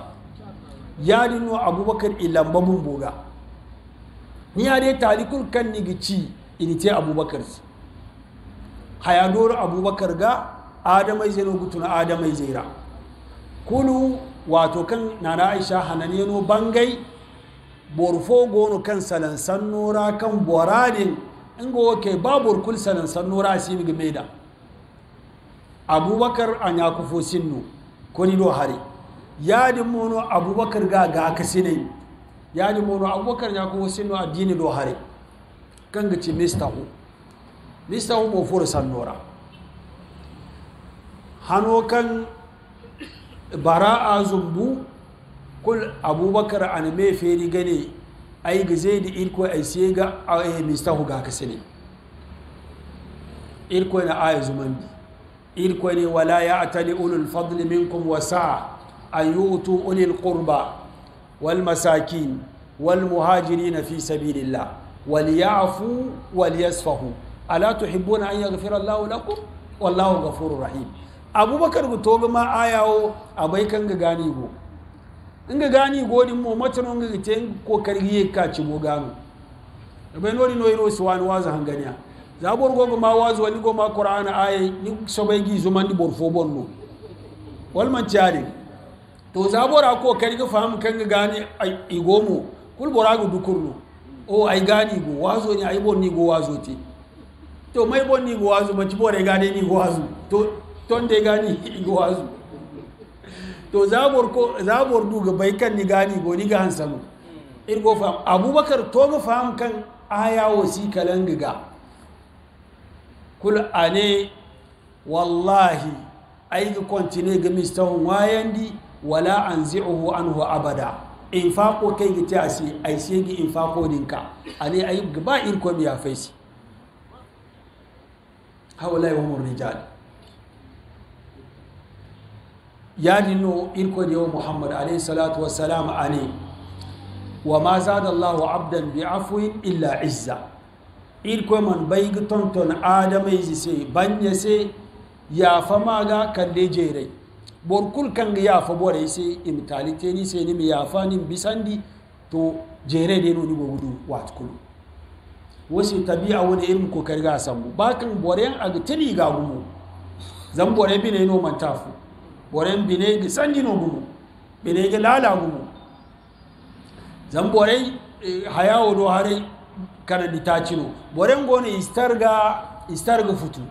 yari no abubakar ilamba mun boga ni yare talikul kan ni nigici inite abubakar hayadoro abubakar ga adamai zai no gutuna adamai zaira kulu wato kan ra'aisha aisha no bangai borfo gono kan salansan nora kan boradin inga ke babur kul salansan nora a sinu game da abubakar a yakufo sinu kuni do hari yadi mono abubakar ga ga aka sinai ya mono abubakar yakufo a addini do hari kan Hu, Mista Hu bofor san nora hano kan bara'a zumbu kul abubakar an me feri gane ai ga zai da irko ai sai ga ai mista huga ka sani irko na ayi zuman bi irko ne wala ya atali ulul fadl minkum wasa an yutu ulil qurba wal masakin wal muhajirin fi sabilillah wal ya'fu wal yasfahu ala tuhibbuna an yaghfira Allahu lakum wallahu ghafurur rahim abubakar ku toga ma ayawo a kan ga gani go in ga gani go din mu matano ga te ko kargiye ka ci mo gano bai nori no iro suwan waza hangania zabor go go ma wazu ni go ma qur'ana aye ni sobai gi zuman di borfo bonno wal man tiari to zabora ko kargi faham kan ga gani ai igomo kul ga dukurno o ai gani go wazo ni ai bonni go wazo ti to mai bonni go wazo ma ci bore gani ni go wazo to ya gani wazu to zabor ko zabor duga bai kan ni gani go ni ga hansano irgo fam abubakar to ga fam kan aya wasi kalangiga kul ane wallahi ai ga kontine ga mistahun wayandi wala anzi'uhu anhu abada infaqo kai ga ta asi ai sai ga infaqo dinka ane ai ga ba irko biya faisi hawla yawmur rijal ne wa muhammad alayhi salatu wa wassalam ani wama zada allahu abdan bi afuwin illa izza irko man bayga tonton yi zise banye se yafa maga kande borkul kan ga ya fa bore se talite ni se ya fa ni bisandi to jere de gudu gogudu watkulu Wasu tabi'a wani irin kokari ga sambu bakan boren aga ga gumu zan bore bi ne no tafu. boren binegi sanjino gumu ga lala gumu zan boren eh, hayawo do hare kana ditacino boren gone istarga istarga futu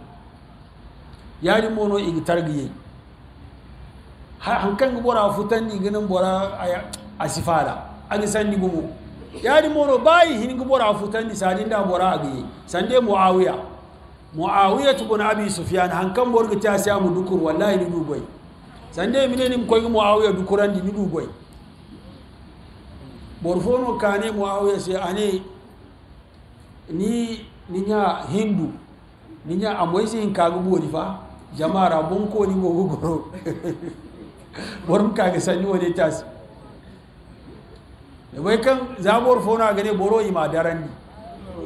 yari mono igi targiye hankan bora futan ni ganin bora a sifada agi sanni gumu yari mono bayi hin bora futan ni sadin da bora agi sande muawiya muawiya tukun abi sufyan hankan borga ta samu dukur wallahi ni dubai sande mineni mkoyi muawiya dukurandi ni ɗugoy bor borfono kane muawiya si ane ni niña hindu niña sai hin kaga wani fa jamara ni gogo goro borum kage sanni wani tas ne ɓoy kan zabor fono agane boroyima darandi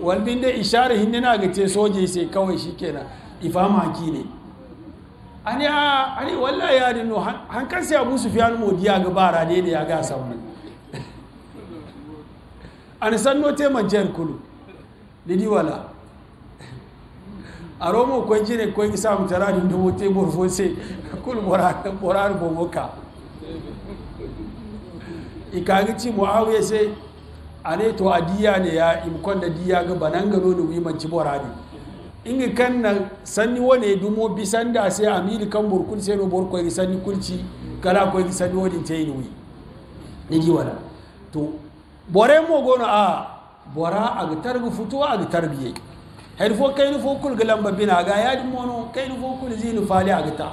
walbinde ishare na te soje se kawai shikenan ifamaki ne ani a ani wallahi ya dinu kan sai abu sufyan modiya ga bara ne da ya ga samu an san no te man jan kulu didi wala a romo ko jire ko isa mu tara din wote borfo bor fo se kul borar borar bo moka ikagi ci muawiya sai ane to adiya ne ya imkon da diya ga banangalo da wi man ci borani ingi kan na sanni wane dumo bi sanda sai amili kan burkun sai no borko ri sanni kulci kala ko ri sanni wodin yi ni wi nigi wala to bore mo gono a bora ga targu futuwa aga tarbiye har fo kai ni fo kul galamba bina ga ya di mono kai ni fo kul zini fali a ta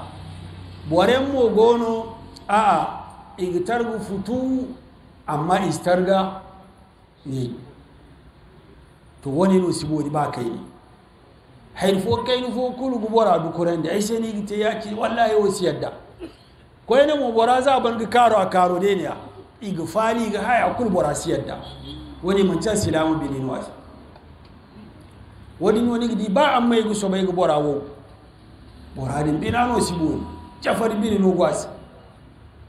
bore mo gono a a iga targu futu amma istarga ni to wani no sibodi ba kai ni hayr fo nufo kulu gubora dukuran da ai ne ni ya ce wallaye wasu yadda ko ne mo bora za a bangi karo a karo ne ne iga fali ga haya kulu bora su yadda wani man can silamu benin wasu wani wani gidi ba an mai guso mai ga wo bora din no si bo jafar ne wasi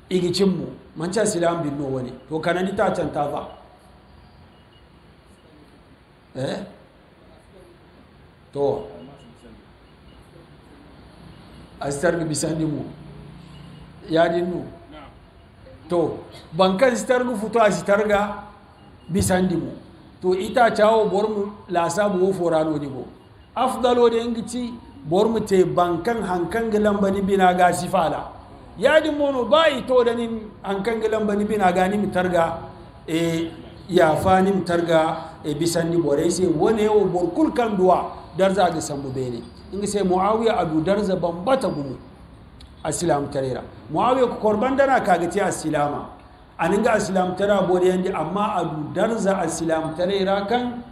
igi cimmu man can silamu benin no wani to kanani ta can ta fa eh to mu ya yadinnu to bankan sitargu futo a sitarga mu, to ita cawo bormu lasabu wo no ni bo afdalo de ngiti bormu te bankan hankan lamba ni bina ga sifala din mono ba ito da ni hankan lamba ni bina ga ni mitarga e eh, ya fa ni mitarga e eh, bisandi bore sai wone wo borkul kan duwa darza da sambu bene inga sai mu'awiyar abu darza bambata gumu asilam tarera mu'awiyar ku korban dana kaga a asilama a asilam tara bore yandi amma abu darza asilam tarera kan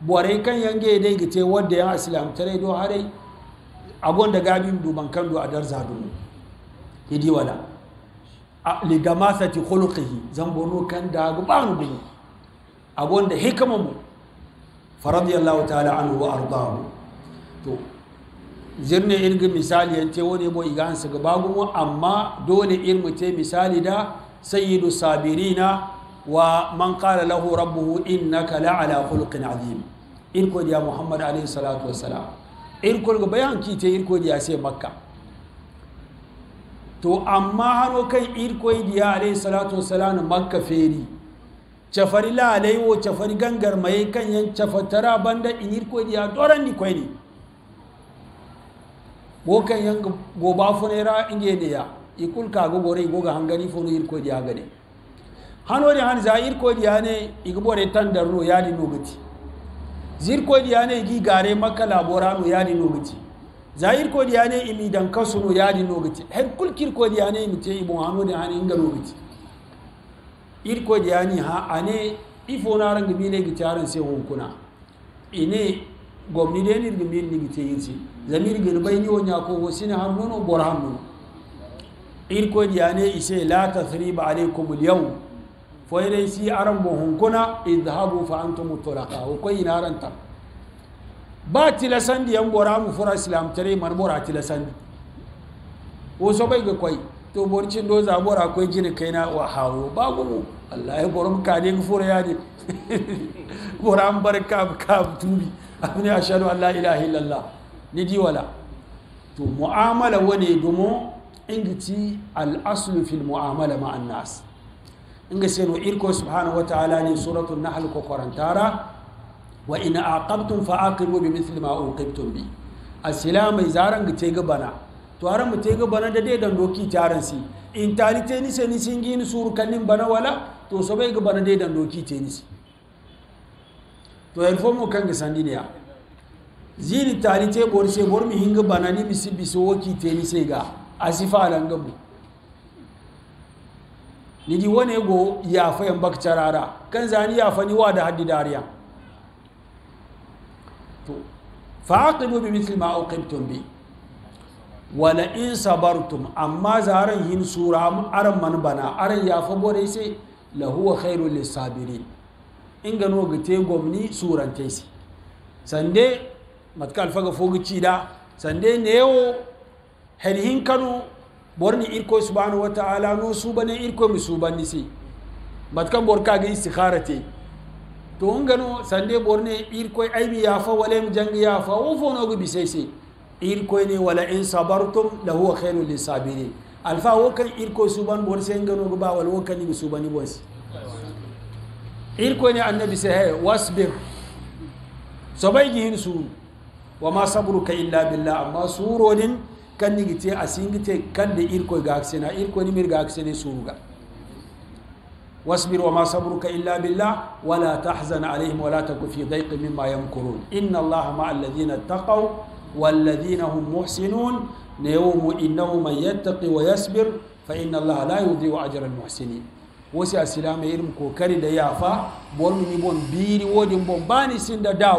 bore kan yange dai gite wadda a asilam tare do hare agon da gabin duban kan do a darza dumu hidi wala li gamasati khuluqihi zambono kan da guban gumu abun da hikamamu faradiyallahu ta'ala anhu wa ardahu to zirne irgin misali yante wone bo igansa ga bagumo amma dole irmu ce misali da sayyidu sabirina wa man qala lahu rabbuhu innaka ala khuluqin azim irko dia muhammad alayhi salatu wassalam irko ga bayan ki te irko dia sai makka to amma hano kai irko dia alayhi salatu wassalam makka feri cafari lalaiwo wo cafari gangar mai kan yan cafatara banda in irko dia doran ni ne. wo yanga goba go ba inge de ya ikul ka go gore go ga hangani fonu ir ko diya gane ri han zair ko diya ne igbore tan darno ya di nogati zir ko diya ne gi gare maka labora no ya di nogati zair ko diya ne imi dan kasu no ya di nogati her kir ko diya ne mi te ibo hanori han inga nogati ir ko diya ni ha ane ifo na ranga bi ne gitaran sai hunkuna ine gwamnati de ni gumi gi te yin زمير جن بيني ونياكو وسين هرمونو برهمونو إير كود يعني إيش لا تثريب عليكم اليوم فإيريسي أرم بهم كنا اذهبوا فأنتم الطلقاء وكوي نار أنت بات لسند يوم برام فرا إسلام تري من برا تلسند وسبعي كوي تو بورشين دوز أبورا كوي جن كينا وحاو باغو الله يبرم كارين فرا يعني برام بركاب كاب تومي أني أشهد أن لا إله إلا الله ni diwala to mu'amala wani gumo ingiti al'aslu fil mu'amala ma'an nas inga no irko subhanahu wa ta'ala ne suratul nahl ko korantara wa in aqabtum fa aqibu bi mithli ma uqibtum bi asilamai zaran ga tega bana to aran mu tega bana da dai dan doki taran si in talite ni se ni singi ni sur kanin bana wala to so bai ga bana dai dan doki tenisi to yarfo mu kan ga sandi ziri tali te bor se bor mi hinga banani misi biso woki ni sai ga asifa alanga bu ni di wane go ya fa yan bak charara kan zani ya fa ni wa da haddi dariya to fa aqibu bi mithli ma uqibtum bi wala in sabartum amma zaran hin sura aran man bana aran ya fa bore se lahuwa khairul lisabirin in gano ga te gwamni surante sande matuƙa alfaga fogu cida sande ne yau hin kano borni irko subhanahu wa ta'ala no ne irko su ba si matuƙa borka ga te to gano sande borne irko aibi ya fa wala jangi ya fa o fo no gubi sai sai irko ne wala in sabartum la huwa khairul lisabirin alfa wokan irko ban bor sai gano guba wal wokan ni ni bos irko ne annabi sai wasbir sabai gihin su wa ma sabruka illa billah amma surodin kan sin gite kan da irko ga aksena irko ni mir ga aksene suruga wasbir wa ma sabruka illa billah wa la tahzan alaihim wa la taku fi dayq mimma yamkurun inna allaha ma alladhina taqaw والذين هم محسنون نيوم إنه من يتقي ويصبر فإن الله لا يضيع أجر المحسنين wasu a silama irin kokari da yafa bol mu ni bon biri wodin bon bani sin da da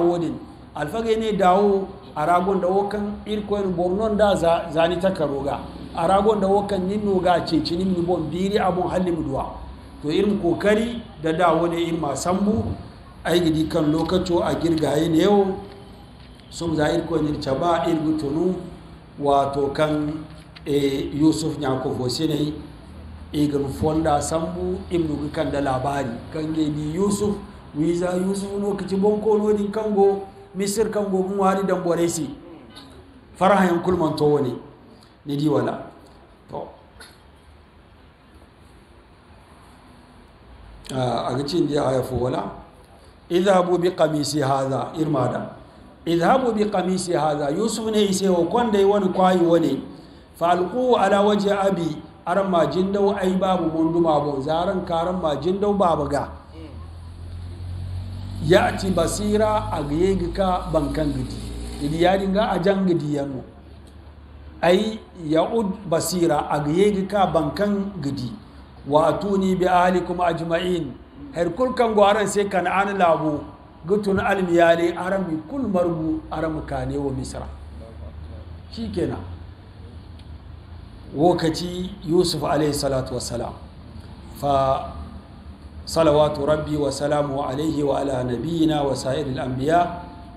ne dawo a ragon da wakan irkoyin bornon da zani A ragon da wakan ninno ga cecinin ni bon biri abun halin duwa to irin kokari da dawo ne irin Sambu, yi gidi kan lokaco a girgaye ne yau sun za irkoyin irca ba irgutunu wato kan e, yusuf yakub ne e fonda sambu in nuka kan da labari kan gidi yusuf wiza yusuf no kici bonko kango misir kan gogun wari dan bore si faraha yan kulman to wani ni di wala to a ah, ga cin da ya fo wala idhabu bi qamisi hadha irmada idhabu bi qamisi hadha yusuf ne sai wa kon wani kwayi wani fa alqu ala wajhi abi aran majin dau ai babu munduma bo, zaran karan majin dau babu ga. yati basira agiyengika bankangidi idi yaringa ajangidi yanu ai yaud basira agiyengika gidi wa atuni bi alikum ajma'in her kulkan gwaran sai an labu gutun almiyali arami kul margu aram kane wa misra shikenan wokaci yusuf alayhi salatu wassalam fa salawatu rabbi wa salamu alaihi wa ala nabiyina wa sa'iril anbiya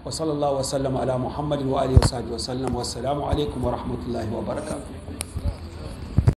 wa sallallahu ala muhammadin wa alihi wa sahbihi wa alaikum wa rahmatullahi wa barakatuh